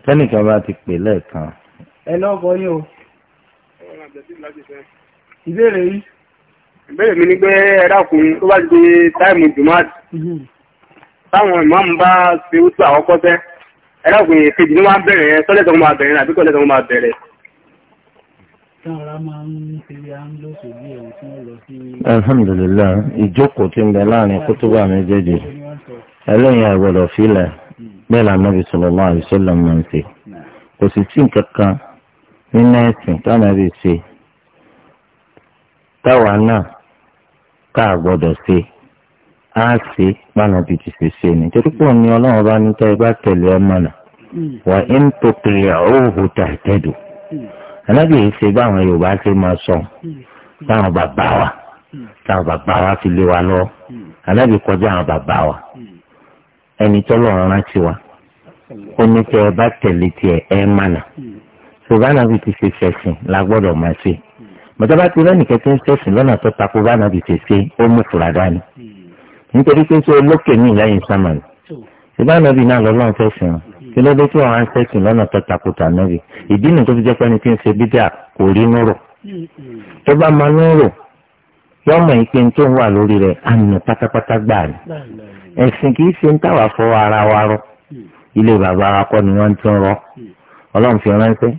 B: Tẹ́nìkan bá ti pè lẹ́ẹ̀kan.
A: Ẹ náà kọ Ìbéèrè yìí ìbéèrè mi ni pé ẹ dákun tó bá ti di táìmù jùmọ́àtì mhm. táwọn ìmáàmù bá ṣe ó tú àkọ́kọ́ tẹ́ ẹ dákun èkejì ló máa bẹ̀rẹ̀ yẹn tọ́lẹ̀ tó máa àbí tọ́lẹ̀ tó máa
B: alhamdulillah ìjókòó tí ń bẹ láàrin kútúbà méjèèjì ẹlẹ́yìn àgbọ̀dọ̀ fílẹ̀ hmm. bẹ́ẹ̀ lànàbì sallallahu alaihi wasallam máa ń ṣe kò sì tí nǹkan kan nínú ẹ̀sìn táwọn ẹbí ṣe táwa náà káà gbọ́dọ̀ ṣe á ṣe pànàbí ti ṣe ṣe ni torí pé òní ọlọ́run bá ní tẹ́ ẹ bá tẹ̀lé ẹ mọ̀nà wà ń tó kiri àwòhù tàìtẹ́dù anábì yìí ṣe báwọn yorùbá ṣe máa sọ báwọn bàbá wa táwọn bàbá wa fi lé wa lọ anábì kọjá àwọn bàbá wa ẹni tọ́lọ́run rántí wa ó ní tẹ́ ẹ bá tẹ̀lé tiẹ̀ ẹ mọ̀nà ṣùgbọ́n anábì ti ṣe ṣẹ̀sìn la gbọ́dọ̀ máa ṣe bàtà bá ti rẹ́nì kẹ́kẹ́ ń ṣẹ̀sìn lọ́nà tó takò bá nàbì tètè ó mú fura dání nítorí pé ṣé olókè ní ìlẹ́yìn sámánì ìbá nàbì náà lọ́lọ́run fẹ̀sìn wọn kí ló dé tí wọ́n á ń ṣẹ̀sìn lọ́nà tó takò tà nàbì ìdí nìkan fi jẹ́ pé ẹni tí ń ṣe bídà kò rí nírò tó bá máa nírò yọ mọ̀ ìpè tó ń wà lórí rẹ̀ àná pátápátá gbà ní ẹ̀sìn kì í ṣe ń táwà fọ ara wa rọ ilé bàbá wa kọ́ ni wọ́n ti ń rọ ọlọ́run fi ránṣẹ́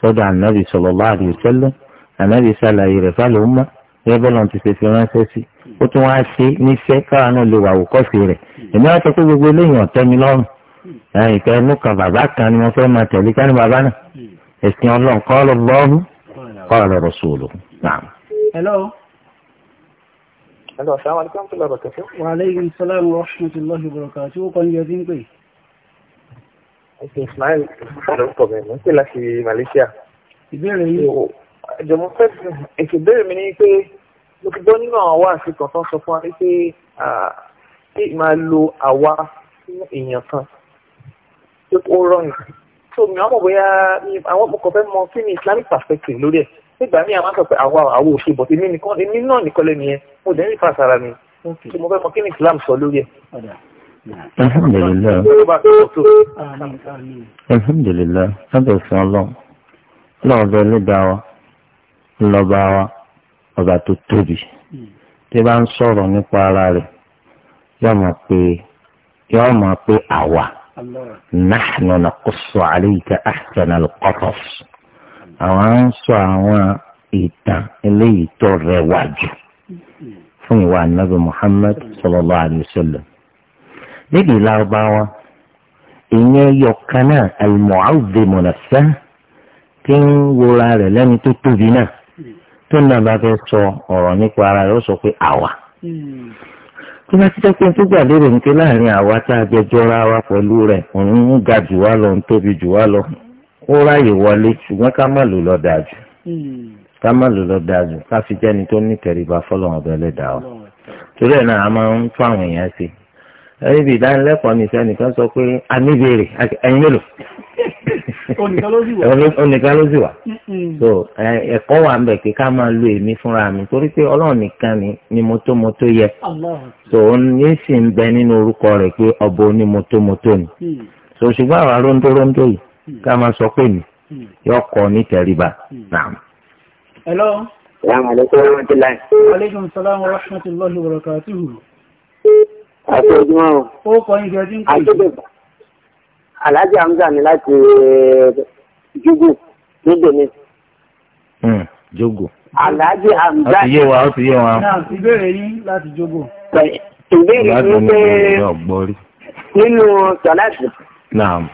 B: sọ́dọ̀ ànábì sallallahu alaihi wasallam ànábì sàlàyé rẹ̀ fáwọn ọmọ bẹ́ẹ̀ bọ́lá ti ṣe fi ránṣẹ́ sí ó tún wá ṣe níṣẹ́ káwa náà lè wà òkọ́sí rẹ̀ èmi wá sọ pé gbogbo eléyìí ọ̀tẹ́ mi lọ́rùn ìfẹ́ inú kan bàbá kan ni wọ́n fẹ́ máa tẹ̀lé ká ní bàbá náà ẹ̀sìn ọlọ́run kọ́ lọ
C: lọ
B: rọ̀
C: hello.
A: hello assalamu alaikum tó lọ́rọ̀ kẹfẹ́.
C: wa aleykum salaam wa rahmatulahi wa barakatuh tí
A: ó kọ́ ní ẹbí ń pè. ìsìn ìbéèrè yìí jọmọ fẹ́ ètò ìbéèrè mi ni pé mo ti gbọ́ nínú àwọn wáàsí kan tán sọ fún wa pé kí máa lo àwa fún èèyàn kan pé ó rọrùn so mi àwọn bóyá àwọn ọkọ̀ fẹ́ mọ kí ni islamic perspective lórí ẹ̀ nígbà míì àwọn sọ pé àwa àwo ò ṣe bọ̀ èmi èmi náà nìkan lẹ́nu yẹn mo dẹ̀ ní ìfà sára mi so mo fẹ́ mọ kí ni islam sọ lórí ẹ̀.
B: alhamdulilayi alhamdulilayi sábẹ̀ fún ọlọ́run ọlọ́run bẹ́ẹ̀ ló dá wa. lọba wa ọba tó tóbi tí bá ń sọ̀rọ̀ nípa ara rẹ̀ yóò mọ̀ pé yóò mọ̀ pé àwa nahnu naqussu alayka ahsana al-qasas àwọn ń sọ àwọn ìtàn eléyìí tó níbi lọba wa jù fún ìwà anabi muhammed sallallahu alayhi wa sallam níbi lárúbáwá ìyẹn yọkan alumo awujo nafsahu tí ń wora rẹ̀ lẹ́ni tó tóbi náà. tó ń fẹ́ sọ ọ̀rọ̀ nípa ara rẹ̀ ó sọ pé àwa. Hmm. tó bá ti jẹ́ pé tó nke lérò ní pé láàrin àwa tá a jẹjọ́ra wa rẹ̀ òun ń ga jù wá lọ ń tóbi jù wá lọ ó ráyè wọlé ṣùgbọ́n ká má lò lọ dáa jù hmm. ká má lò lọ dáa jù ká fi jẹ́ni tó ní tẹríba fọlọ́run ọ̀bẹ lẹ́dàá wa. torí ẹ̀ náà a máa ń fún àwọn èèyàn ṣe ẹni ìdánilẹ́kọ̀ọ́ onìkan ló sì wà so ẹ̀kọ́ wà ń bẹ̀ pé ká máa lo èmi fúnra mi torí pé ọlọ́run nìkan ni ni mo tó mo tó yẹ so ní sì ń bẹ nínú orúkọ rẹ̀ pé ọ̀bọ ni mo mm. tó mo tó ni so ṣùgbọ́n àwa róńdó róńdó yìí mm. ká máa sọ pé mi mm. yọ kọ ní tẹríba náà.
A: hello. salaamaleykum wa rahmatulahi.
C: aleykum salaam wa rahmatulahi wa barakatuhu.
A: àti ojúmọ́ o. ó kọ́ ìgbẹ́jú ń pè é alájà hamza ni láti eh, jogo nígbè mi.
B: Hmm, jogo.
A: alájà hamza. ó ti yé wa ó ti yé wa. náà ìbéèrè yín láti jogo. ìbéèrè yín pé nínú sọláṣì. naam.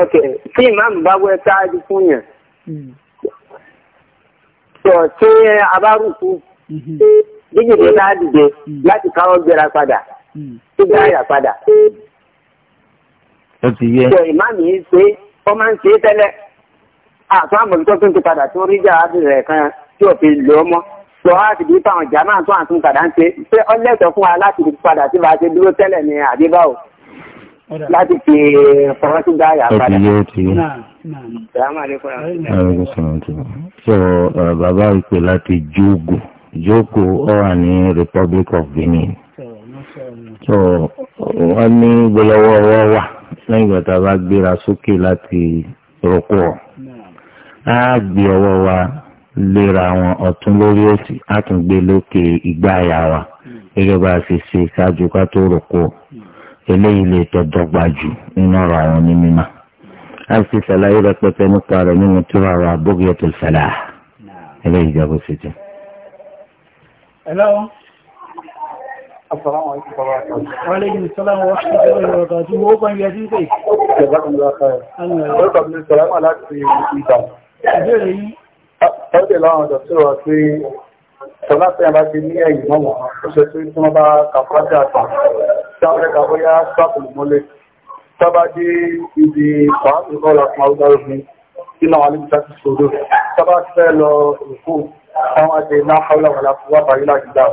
A: ok tí ìmáàmù bá wẹ sáájú fún yẹn. sọ ṣé abárùkù mhm. dígìrì náà dìde mhm. láti káwọ́ gbéra padà. tó gbé àyà padà ó ti yé. ṣé ìmáàmù yìí ṣe ó máa ń ṣe é tẹ́lẹ̀ àtún àmọ̀lùtọ́ tó ń ti padà tó rí jà kan tí ò fi lò ó mọ́ sọ láti bí táwọn ìjà máa tún àtún padà ń ṣe ṣé ọlẹ́tọ̀ fún wa láti padà sí bá a ṣe dúró tẹ́lẹ̀ ní àdébáwò láti fi fọwọ́ sí dáyà padà. ó
B: ti yé ó ti yé. so uh, bàbá ìpè láti jókòó jókòó ó wà ní Republic of Benin so wọ́n ní gbọ́lọ́wọ́ ọwọ́ wà lẹ́yìn ìgbà tá a bá gbéra sókè láti rúkú ọ̀ á gbé ọwọ́ wa léra wọn ọ̀tún lórí òsì á tún gbé lókè ìgbà àyà wa gẹ́gẹ́ bá a ṣe ṣe ṣáájú ká tó rúkú eléyìí lè tọ́dọ́gba jù nínú ọ̀rọ̀ àwọn onímọ̀ á sì ṣàlàyé rẹpẹtẹ nípa rẹ̀ nínú tó ra ọ̀rọ̀ àbógiyatul falah eléyìí jẹ́ bó ṣe jẹ́.
A: Assalamu alaikum warahmatullahi wabarakatuh. Wa alaikum assalam wa rahmatullahi wa barakatuh. Mo kan ya tin sai. Jazakumullahu khairan. Allah. Wa qabla salam ala tibita. Ìbéèrè yìí. Fọ́dé láwọn ọ̀dọ̀ tí ó wà sí Sọlá tí a bá ti ní ẹ̀yìn náà wọ́n, ó ṣe tí tí wọ́n bá kàfájà tàn, tí a fẹ́ kàfóyá sápùlù ibi pàápù kọ́lá fún àwùjọ òfin, tí náà wọ́n ní ìta ti fẹ́ lọ òkú, àwọn àti náà kọ́lá láti wá bàyí láti dáa.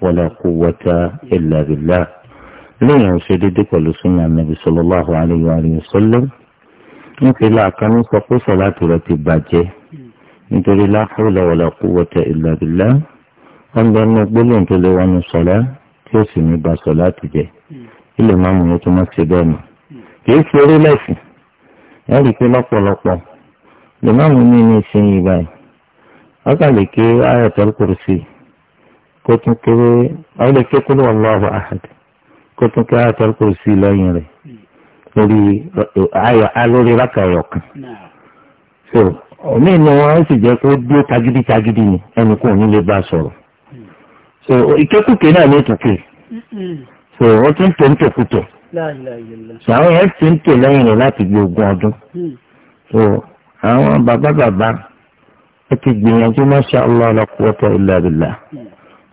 B: wala quwwata illa billah lẹ́yìn ọ̀sẹ̀ dédé pẹ̀lú súnà nàbì sallallahu alayhi wa sallam nítorí àkànní sọ pé sọ̀láàtì rẹ̀ ti bàjẹ́ nítorí la hawla wala quwwata illa billah wọ́n bẹ ní gbólóhùn tó lé wọnú sọ̀lá tí ó sì ní ba sọ̀láàtì jẹ́ ilé máa mú tó má ṣe bẹ́ẹ̀ mọ́ kì í ṣeré lẹ́sìn ẹ rí i pé lọ́pọ̀lọpọ̀ lè má mú ní ní ìsinyìí báyìí kó tún kéré àwọn ilé kékun ní wallahu ahad kó tún kéré àtàlù kò sí lẹ́yìn rẹ̀ lórí ayọ̀ alórí rákàyọ̀ kan. so omi ni wọn sì jẹ́ kó dúró tagidi tagidi ni ẹnì kò ní lè bá sọ̀rọ̀ so ìkékùké náà ní ètùkè so wọ́n tún tó ń tòkùtò so àwọn yẹn ti ń tò lẹ́yìn rẹ̀ láti gbé ogún ọdún so àwọn bàbá bàbá ó ti gbìyànjú masha Allah la quwwata illa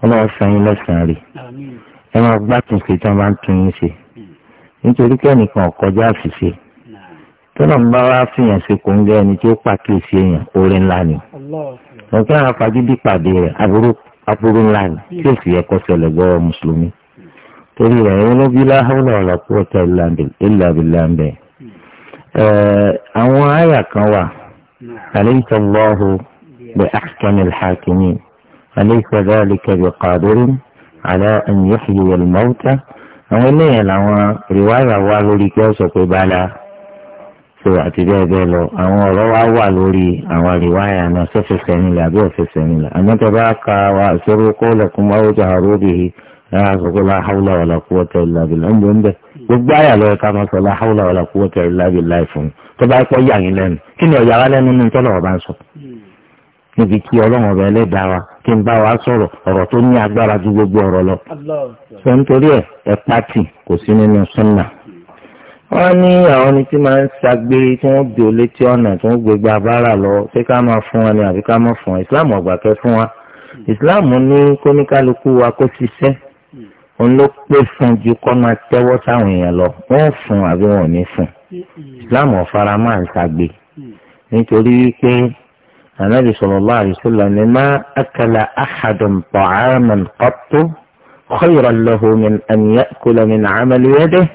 B: ọlọ́wọ́ san yín lẹ́sàn-án rẹ̀ ẹ máa gbá túnṣe tí wọ́n bá ń tún yín ṣe hmm. nítorí kẹ́nìkan ọ̀kọjá àṣìṣe tọ́lọ̀ ń bá wá fìyàn ṣe kò ń jẹ́ ẹni tí ó pàkíyèsí èèyàn orin ńlá ni ọ̀kẹ́ àwọn afagídí pàdé rẹ̀ aburú ńlá ni hmm. tí èsì yẹ kọ́ ṣẹlẹ̀ mùsùlùmí torí rẹ̀ ẹ̀rọ bí láhùlọ̀ ọ̀làkúrò tẹ̀ ìlàbìlàbẹ̀ àwọn àyà kan wà àlẹ́ ìtọ́lọ́hù bẹ́ẹ̀ àkànnì أليس ذلك بقادر على أن يحيي الموتى àwọn eléyàn làwọn rìwáyà wá lórí kí ó sọ pé bala so àti bẹ́ẹ̀ bẹ́ẹ̀ lọ àwọn ọ̀rọ̀ wá wà lórí àwọn rìwáyà náà sọ́fẹ̀sẹ̀ nílẹ̀ àbí ọ̀fẹ̀sẹ̀ nílẹ̀ àmọ́ tó bá ka wa àṣírí kó lẹ́kùn máa wọ́n jàrá lórí yìí lára sọ pé láhàúlà wà lákúwọ́tà ìlàbílà ń bọ̀ ń bẹ̀ gbogbo àyà lọ́yẹ ká máa sọ láhàúlà wà lákúwọ́tà ìlàbílà fún tó bá pọ̀ yà yín lẹ́nu kí ni ọ̀yà wa lẹ́nu ní tọ́lọ̀ ọba ń sọ níbi tí ọlọ́run ọba ẹlẹ́dàá wa kí n bá wa sọ̀rọ̀ ọ̀rọ̀ tó ní agbára ju gbogbo ọ̀rọ̀ lọ. sọ nítorí ẹ̀ ẹ̀ pátì kò sí nínú súnà. wọ́n ní àwọn ẹni tí máa ń ṣagbe tí wọ́n gbé létí ọ̀nà tí wọ́n gbégbá abára lọ ṣé ká máa fún wọn ni àbí ká máa fún wọn ìsìláàmù ọ̀gbà kẹ́ fún wa ìsìláàmù ní kóníkálukú wa kó ṣiṣẹ́ òun ló pé fún ju kọ́ máa tẹ́wọ́ sáwọn èèyàn lọ wọ́n fún àbí wọn ò ní fún ìsìláàmù ọ̀faramá النبي صلى الله عليه وسلم ما أكل أحد طعاما قط خيرا له من أن يأكل من عمل يده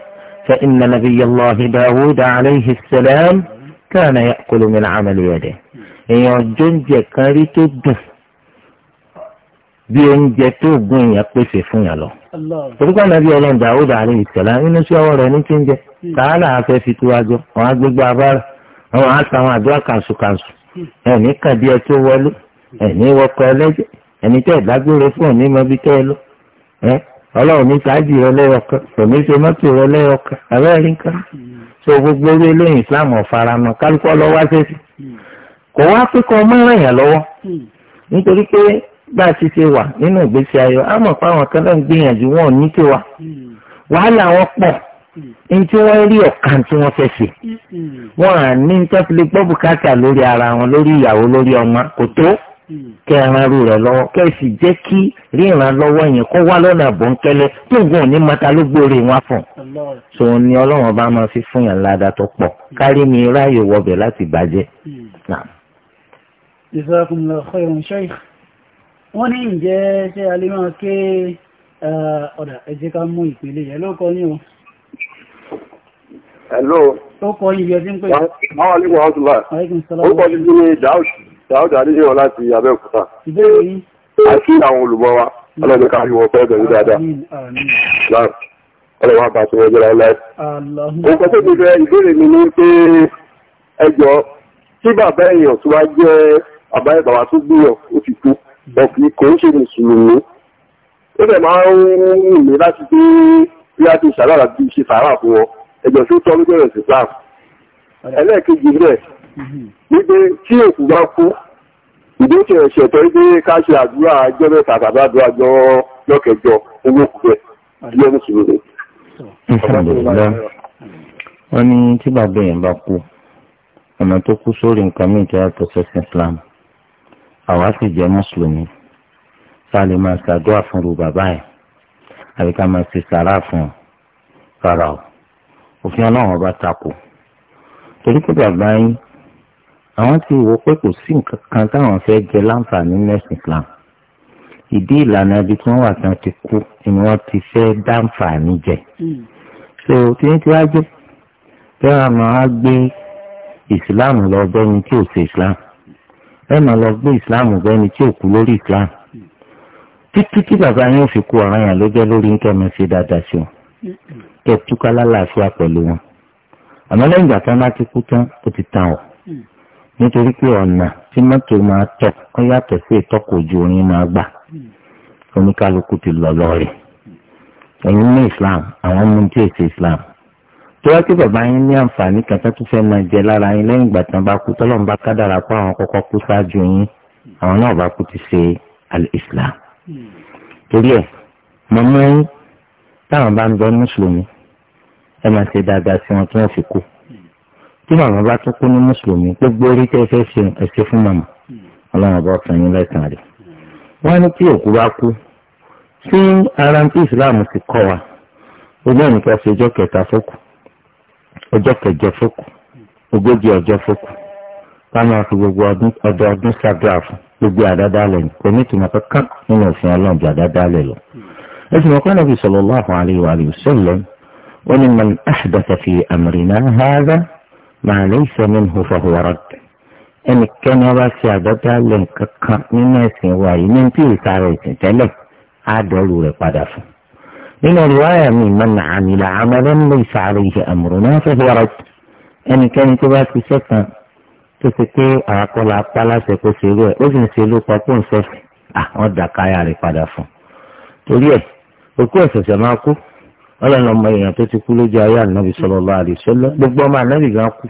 B: فإن نبي الله داود عليه السلام كان يأكل من عمل يده èèyàn ọjọ́ oúnjẹ kan rí tó dùn bí oúnjẹ tó gún èèyàn pèsè fún yàn lọ. orúkọ nàbí ọlọ́run Dawud alayhi salam inú sí ọwọ́ rẹ̀ ní ti ń jẹ tààlà afẹ́ fi tiwájú àwọn agbégbá abára àwọn àtàwọn àdúrà kàṣùkàṣù ẹnì kan bí ẹ tó wọlé ẹnì wọkọ ẹlẹ́jẹ̀ ẹnì tẹ́ ìdágbére fún òní mọ bí tẹ́ ẹ lọ ẹ ọlọ́run ní sáájì rẹ òní ṣe rẹ so gbogbo orí eléyìí islam ọ̀faramọ́ kálukú ọlọ́wọ́ àṣẹ́sì kò wá pé ọmọ lọ́wọ́ nítorí pé bá a ti ṣe wà nínú ìgbésí ayọ̀ ní tí wọ́n rí ọ̀kan tí wọ́n fẹ́ ṣe wọ́n à ní tẹ́fìlì gbọ́ bùkátà lórí ara wọn lórí ìyàwó lórí ọmọ kò tó kẹ́ ẹ ran irú rẹ̀ lọ́wọ́ kẹ́ ẹ sì jẹ́ kí ríran lọ́wọ́ yẹn kó wá lọ́nà bòńkẹ́lẹ́ tó gùn ní mata ló gbóore wọn fún so ni ọlọ́run bá máa fi fún yàn ládàá tó pọ̀ kárí mi ráàyè wọbẹ̀ láti bàjẹ́.
C: jazakumullahu khairan sheikh wọ́n ní ǹjẹ́ ṣé alẹ́ máa ké ọ̀dà ẹ̀jẹ̀ ká mú ìpínlẹ̀ yẹn ló kọ́ o.
A: Hello. Ó kọ́ yìí ẹbí ń pè. Wọ́n wà nípa Ọ́tùlá. Orúkọ ti bí Dáúdà Adéṣẹ́wọ̀n láti Abẹ́òkúta. Ìbéèrè yín. Àti àwọn olùgbọ́ wa, ọlọ́dún ká yíwọ pẹ́ pẹ̀lú dáadáa. Ọlọ́wọ́ bá tó ẹjọ́ láíláí. Orúkọ tó ti fẹ́ ìbéèrè mi ní pé ẹjọ́ tí bàbá èèyàn tó wá jẹ́ bàbá ìbàwà tó gbìyàn ó ti kú. Bọ̀kì kò ń ṣe mùsùlùmí. Ó fẹ́ máa ń rìn mí láti pé bí a ti ṣàlàyé bí ṣe fàárà fún wọn ẹ̀jẹ̀ tó tọ́ ló bẹ̀rẹ̀ sí sáà ẹlẹ́ẹ̀kejì rẹ̀ wípé tí òkú bá kú ìdókè ẹ̀ṣẹ̀ tọ́ wípé ká ṣe àdúrà ẹjọ́ mẹ́ta tàbí àdúrà jọ lọ́kẹjọ owó kù bẹ́ẹ̀ ilé mùsùlùmí.
B: wọ́n ní tí bàbá yẹn bá kú ọ̀nà tó kú sórí nǹkan míì tó yàtọ̀ sẹ́sìn Islam àwa sì jẹ́ mùsùlùmí ká lè máa ṣàdúrà fún ru bàbá yẹn àbí máa ṣe sàrà fún un rárá òfin ọlọ́run ọba takò torí pé bàbá yín àwọn ti wò pé kò sí nǹkan kan táwọn fẹ́ jẹ láǹfààní nẹ́sìn Islam ìdí ìlànà ibi tí wọ́n wà tán ti kú ni wọ́n ti fẹ́ dáǹfààní jẹ hmm. so tí wọ́n ti wá jẹ́ bẹ́ẹ̀ máa gbé Islam lọ bẹ́ni tí ò ṣe Islam bẹ́ẹ̀ máa lọ gbé Islam bẹ́ni tí ò kú lórí Islam títí tí bàbá yín ò fi kú ọ̀ràn yẹn ló jẹ́ lórí ń kẹ́ ṣe dáadáa sí wọn. Hmm kẹ́ túká lálàáfíà pẹ̀lú wọn àmọ́ lẹ́yìn ìgbà tán bá ti kú tán ó ti tàn ọ́ hmm. nítorí pé ọ̀nà tí mọ́tò máa tọ̀ ó yàtọ̀ sí ìtọ́kọ̀ ojú orin máa gbà hmm. oníkálukú ti lọ lọ́ọ̀rẹ̀ ẹ̀yin ní Islam àwọn mú tí èsì Islam tó wá kí bàbá yín ní àǹfààní kan tó tún fẹ́ máa jẹ lára yín lẹ́yìn ìgbà tán bá kú tọ́lọ́mù bá kádàrà pé àwọn kọ́kọ́ kú ṣáájú yín àwọn náà bá kú ti ṣe islam hmm. torí ẹ̀ mọ̀mọ́ yín táwọn bá ń bẹ mùsùlùmí ẹ máa ṣe dáadáa sí wọn tí wọ́n fi kú tí màmá bá tún kú ní mùsùlùmí gbogbo orí tẹ́ fẹ́ ṣe ẹ̀ṣẹ̀ fún màmá ọlọ́run ọba ọ̀sán yín lẹ́sàn-án rẹ̀ wọ́n ní tí òkú bá kú tí ara ń tí ìsìláàmù ti kọ́ wa ojú ẹ̀nì kan ṣe ọjọ́ kẹta fókù ọjọ́ kẹjọ fókù ogójì ọjọ́ fókù táwọn àti gbogbo ọdọọdún ṣàdúrà fún gbogbo àdádálẹ̀ kò ní ìtumọ̀ kankan nínú òfin ọlọ́run ju àdádálẹ̀ lọ. ẹ̀sìn ọ̀kan náà fi sallallahu alaihi wa sallam وممن أحدث في أمرنا هذا ما ليس منه فهو رد أن كان واسع دتا لنك من سواي من الرواية من من عمل عملا ليس عليه أمرنا فهو رد أن كان تباك ستا تسكي أقول أبطلا سكو سيلو أجن سيلو قطون سفر أه ودى قايا لفادافو تولي أكوة سيماكو ọlọ́run ọmọ èèyàn tó ti kú lójú ayé ànábì sallallahu alaihi wasallam gbogbo ọmọ ànábì gan kú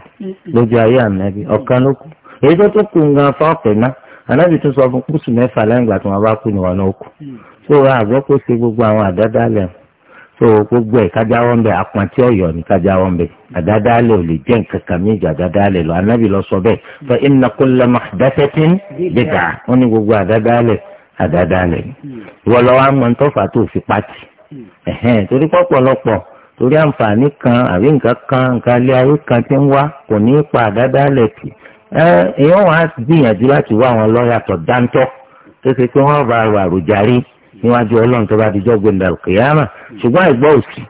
B: lójú ayé ànábì ọ̀kan ló kú èyí tó tó kù gan fọ́ọ̀pẹ̀ náà ànábì tó sọ fún kùsù mẹ́fà lẹ́yìn ìgbà tí wọ́n bá kú ni wọn náà kú tó ra àgbọ̀ kó ṣe gbogbo àwọn àdádálẹ̀ tó gbogbo ẹ̀ kájáwọ́ ń bẹ̀ apọ̀ntí ọ̀yọ́ ni kájáwọ́ ń bẹ̀ àdádálẹ̀ ò lè jẹ́ nǹkan kan méjì àdádálẹ̀ lọ ànábì lọ sọ bẹ́ẹ̀ fa inna kulla muhdathatin bid'ah ó ní gbogbo àdádálẹ̀ àdádálẹ̀ ìwọ lọ́wọ́ àmọ́ torí pọ̀pọ̀lọpọ̀ torí àǹfààní kan àbí nǹkan kan nǹkan ilé ayé kan ti ń wá kò ní í pa àdádálẹ̀ tì èèyàn wà á gbìyànjú láti wá àwọn lọ́ọ̀yà tó dáńtọ́ tó ṣe pé wọ́n bá rò àròjàre níwájú ọlọ́run tó bá ti jọ́ gbẹ̀ndà kìyàmà ṣùgbọ́n àìgbọ́ òsì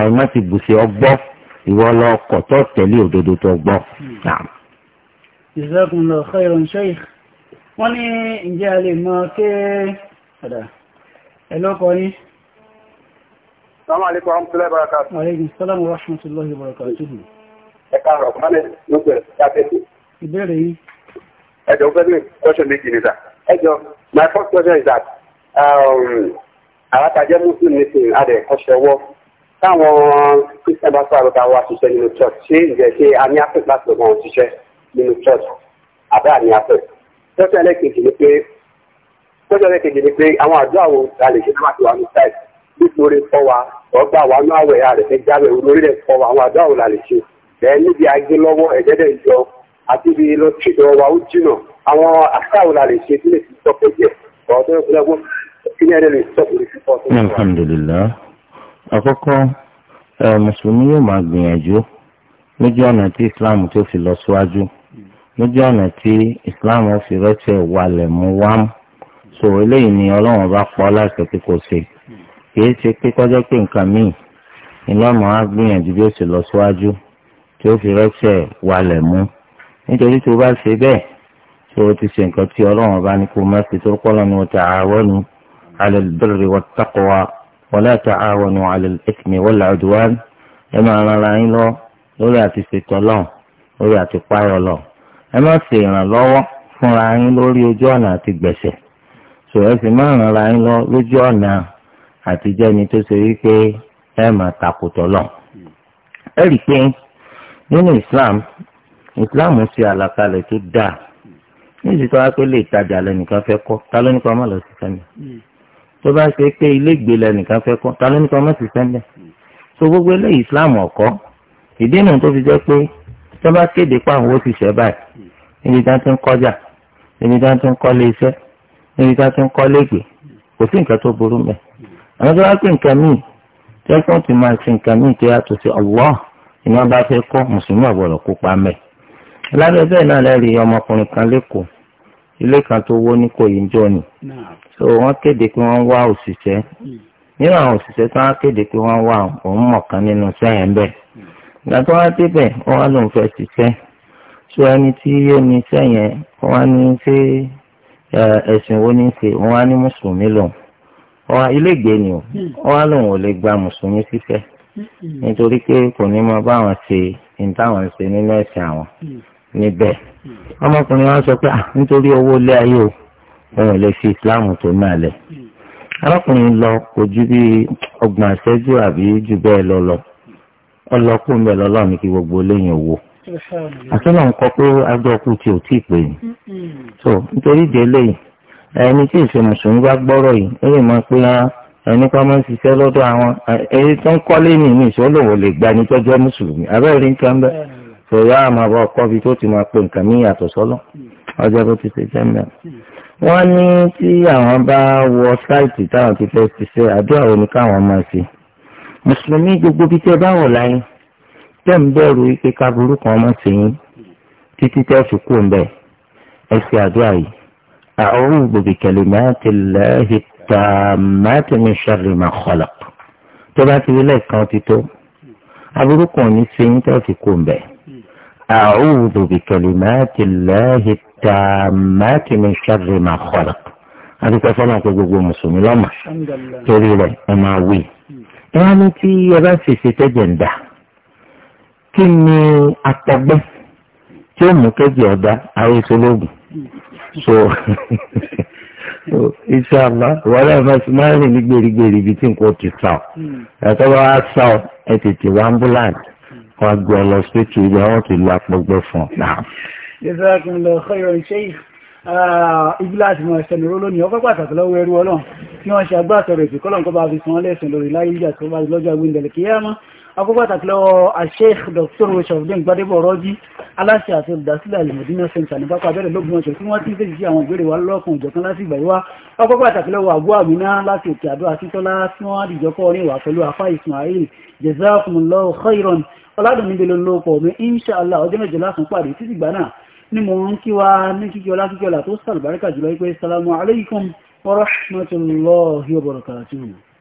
B: àìmọ́ ti bùṣe ọgbọ́ ìwọ lọ kọ̀ tó tẹ̀lé òdodo tó gbọ́.
C: Jazakumullahu khairan Sheikh wọ́n ní ǹjẹ́ a lè mọ kí ẹ̀lọ́kọ̀ yín.
A: Assalamu alaikum question méjì ní sà. Ẹjọ́, my first question is that um, àwátàjẹ́ Muslim ní sin adẹ̀ ọ̀ṣẹ̀ ọwọ́. Táwọn Christian bá sọ̀rọ̀ to say in nínú church, See, ǹjẹ́ ṣé a ní access láti lọ wọn ṣiṣẹ́ nínú church? Àbá ní access. Question ẹlẹ́kejì ni pé, question ẹlẹ́kejì ni pé àwọn àjọ àwọn òṣìṣẹ́ àlè ṣe náà ti wà ní site nítorí fọ́ wa ọgbà wa náà wẹ̀ ààrẹ fẹ́ jáwé olórí rẹ̀ fọ́ wa àwọn àdó àwọn làlè ṣe bẹ́ẹ̀ níbi agé lọ́wọ́ ẹ̀dẹ́dẹ̀ yọ àti ibi lọ tìdọ̀ wa ó jìnà àwọn àṣàwò làlè ṣe tí lè fi sọ pé jẹ ọ̀dọ́ ìpínlẹ̀gbọ́n kí ni ẹni lè sọ pé fi pọ̀ tó wà.
B: alhamdulillah mùsùlùmí yóò máa gbìyànjú lójú ọ̀nà tí islam tó fi lọ síwájú lójú ọ̀nà tí islam fi rẹ́sẹ̀ walẹ̀ mú wámú so eléyìí ni ọlọ́run bá pọ́ láti pé kò ṣe kìí ṣe pé kọjá pé nǹkan míì iná mọ́ á gbìyànjú bí ó sì lọ síwájú tí ó fi rẹ́sẹ̀ walẹ̀ mú nítorí tó bá ṣe bẹ́ẹ̀ tí o ti ṣe nǹkan tí ọlọ́run bá ní kó má fi tó pọ́ lọ́nu ta'awanu 'ala al-birri wat-taqwa wa la ta'awanu 'ala al-ithmi wal-'udwan ẹ máa ran ara yín lọ lórí àti ṣètò ọlọ́run lórí àti páyọ̀ lọ ẹ má ṣe ìrànlọ́wọ́ fúnra yín lórí ojú ọ̀nà àti gbẹ̀ṣẹ̀ sọ ẹ sì má ran ara yín lọ lójú ọ̀nà àti jẹ́ni tó ṣe wípé ẹ máa takùtọ̀ lọ. ẹ rí i pé nínú Islam Islam ṣe àlàkalẹ̀ tó dáa ní ìsìtọ́ akpé lè tajà lẹ́nìkan fẹ́ kọ́ ta ló ní kọ́ ọmọ lọ sí sẹ́ńdẹ̀ tó bá ṣe pé ilé ìgbé lẹ́nìkan fẹ́ kọ́ ta ló ní kọ́ ọmọ sí sẹ́ńdẹ̀ so gbogbo eléyìí Islam ọ̀kọ́ ìdí nù tó fi jẹ́ pé tó bá kéde pa àwọn òṣìṣẹ́ báyìí níbi tá a ti ń kọjá níbi tá a ti ń kọ́ lé iṣẹ́ níbi tá ti ń kọ́ lé ìgbé kò sí nǹkan tó burú mẹ́ẹ̀ àwọn tó bá pè nǹkan míì tí wọ́n ti máa ṣe nǹkan míì tó yàtọ̀ sí Allah ni wọ́n bá fẹ́ kọ́ mùsùlùmí àgbọ̀dọ̀ kópa mẹ́. lábẹ́ bẹ́ẹ̀ náà lẹ́rìí ọmọkùnrin kan lẹ́kọ̀ọ́ ilé kan tó wó ní kòyíjọ́ ni so wọ́n kéde pé wọ́n wá òṣìṣẹ́ hmm. nínú àwọn òṣìṣẹ́ tó wá kéde pé wọ́n wá òun mọ̀kan nínú sẹ́yìn bẹ́ẹ̀ hmm. ìgbà tó wá débẹ̀ wọ́n wá lóun fẹ́ ṣiṣẹ́ so ẹni tí yé ni sẹ́yìn wọ́n wá ní ṣe ẹ̀sìn wo ní ṣe wọ́n wá ní mùsùlùmí lòun ọ̀hún ilégbèé ni o ọ̀hún lòun ò lè gba mùsùlùmí síṣẹ́ nítorí pé kò ní mọ báwọn ṣe ní táwọn ṣe nínú ẹ̀sìn àwọn níbẹ̀ ọmọkùnrin wọn sọ pé nítorí owó ilé ayé o òun ò lè fi ìsìláàmù tó náà lẹ̀ arákùnrin lọ kò ju bí ọgbọ̀n àṣẹ́jú àbí jù bẹ́ẹ̀ lọ lọ ọlọ́kùnrin bẹ́ẹ̀ lọ́lọ́ ní kí gbogbo lẹ́yìn owó àtúnà ń kọ pé agbọ́kù tí ò tí ì pè ní nítorí ìdílé yìí ẹni tí ìṣe mùsùlùmí bá gbọ́rọ̀ yìí ó lè mọ̀ pé ẹni kan máa ń ṣiṣẹ́ lọ́dọ̀ àwọn ẹni tó ń kọ́lé ní ìmí ìṣòlòwò lè gba ẹni tó jẹ́ mùsùlùmí abẹ́rẹ́ rí nǹkan bẹ́ẹ̀ sọ̀rọ̀ àmọ́ àbọ̀ ọkọ bíi tó ti máa pe nǹkan mí yàtọ̀ sọ́lọ́ ọjọ́ bó ti ṣe jẹ́ mẹ́rin. wọ́n ní tí àwọn bá wọ sáìtì táwọn ti fẹ́ ṣiṣẹ́ àdúrà òní káwọn máa ṣe mùsùlùmí gbogbo bíi tẹ́ bá wọ̀ láyé tẹ́ ń bẹ̀rù ike káburú kan máa ṣe yín títí tẹ́ fi kú ń bẹ̀ ẹ ṣe àdúrà yìí أعوذ بكلمات الله التامات من شر ما خلق تبعت إليك قاتتو أبركوني سنتا في به. أعوذ بكلمات الله التامات من شر ما خلق هذه كفانا تقول مسلمي لما تقول لي أما وي يعني تي يباسي ستجن ده كني أتبه تيوم كجي أبا أو يسلوبي so inshallah, ìṣàlá wọlé mẹsìmárì ní gbèrígbèrí ibi tí nǹkan ti sàn ẹ̀tọ́ bá wá sàn ẹ tètè wá ambulance wọn gbé ọ lọ sípètì ibẹ̀ wọn ti lo apọgbẹ fún ọ.
C: Jazakumullahu khairan sheikh ah, ibi láti mọ̀ ẹ̀sẹ̀ nìró lónìí ọkọ̀ pàtàkì lọ́wọ́ ẹrú ọlọ́run tí wọ́n ṣe agbáàtọ̀ rẹ̀ sí kọ́lọ̀ nǹkan bá fi san lẹ́sìn lórí láyé ìjà tó bá lọ́jọ́ agbóhùn ìdẹ̀lẹ̀ kíyàmá akọ́pàtàkì lọ́wọ́ Sheikh Dr. Sharafdeen Gbadebo Raji aláṣẹ àti olùdásílẹ̀ Al-Madina Center ní pápá abẹ́rẹ̀ lógún ọ̀sẹ̀ tí wọ́n ti fèsì sí àwọn ìgbèrè wa lọ́kùn ìjọ̀kan láti ìgbà ìwá akọ́pàtàkì lọ́wọ́ Abu Amina láti òkè àdó àtítọ́lá tí wọ́n dìjọ́kọ́ orin wà pẹ̀lú afá Ismail Jazakumullahu khairan ọládùnmí bẹ̀rẹ̀ lọ́pọ̀ mi inshallah ọjọ́ mẹ́jọ lásán pàdé títí gbà náà ni mo ń kí wa ní
A: kíkí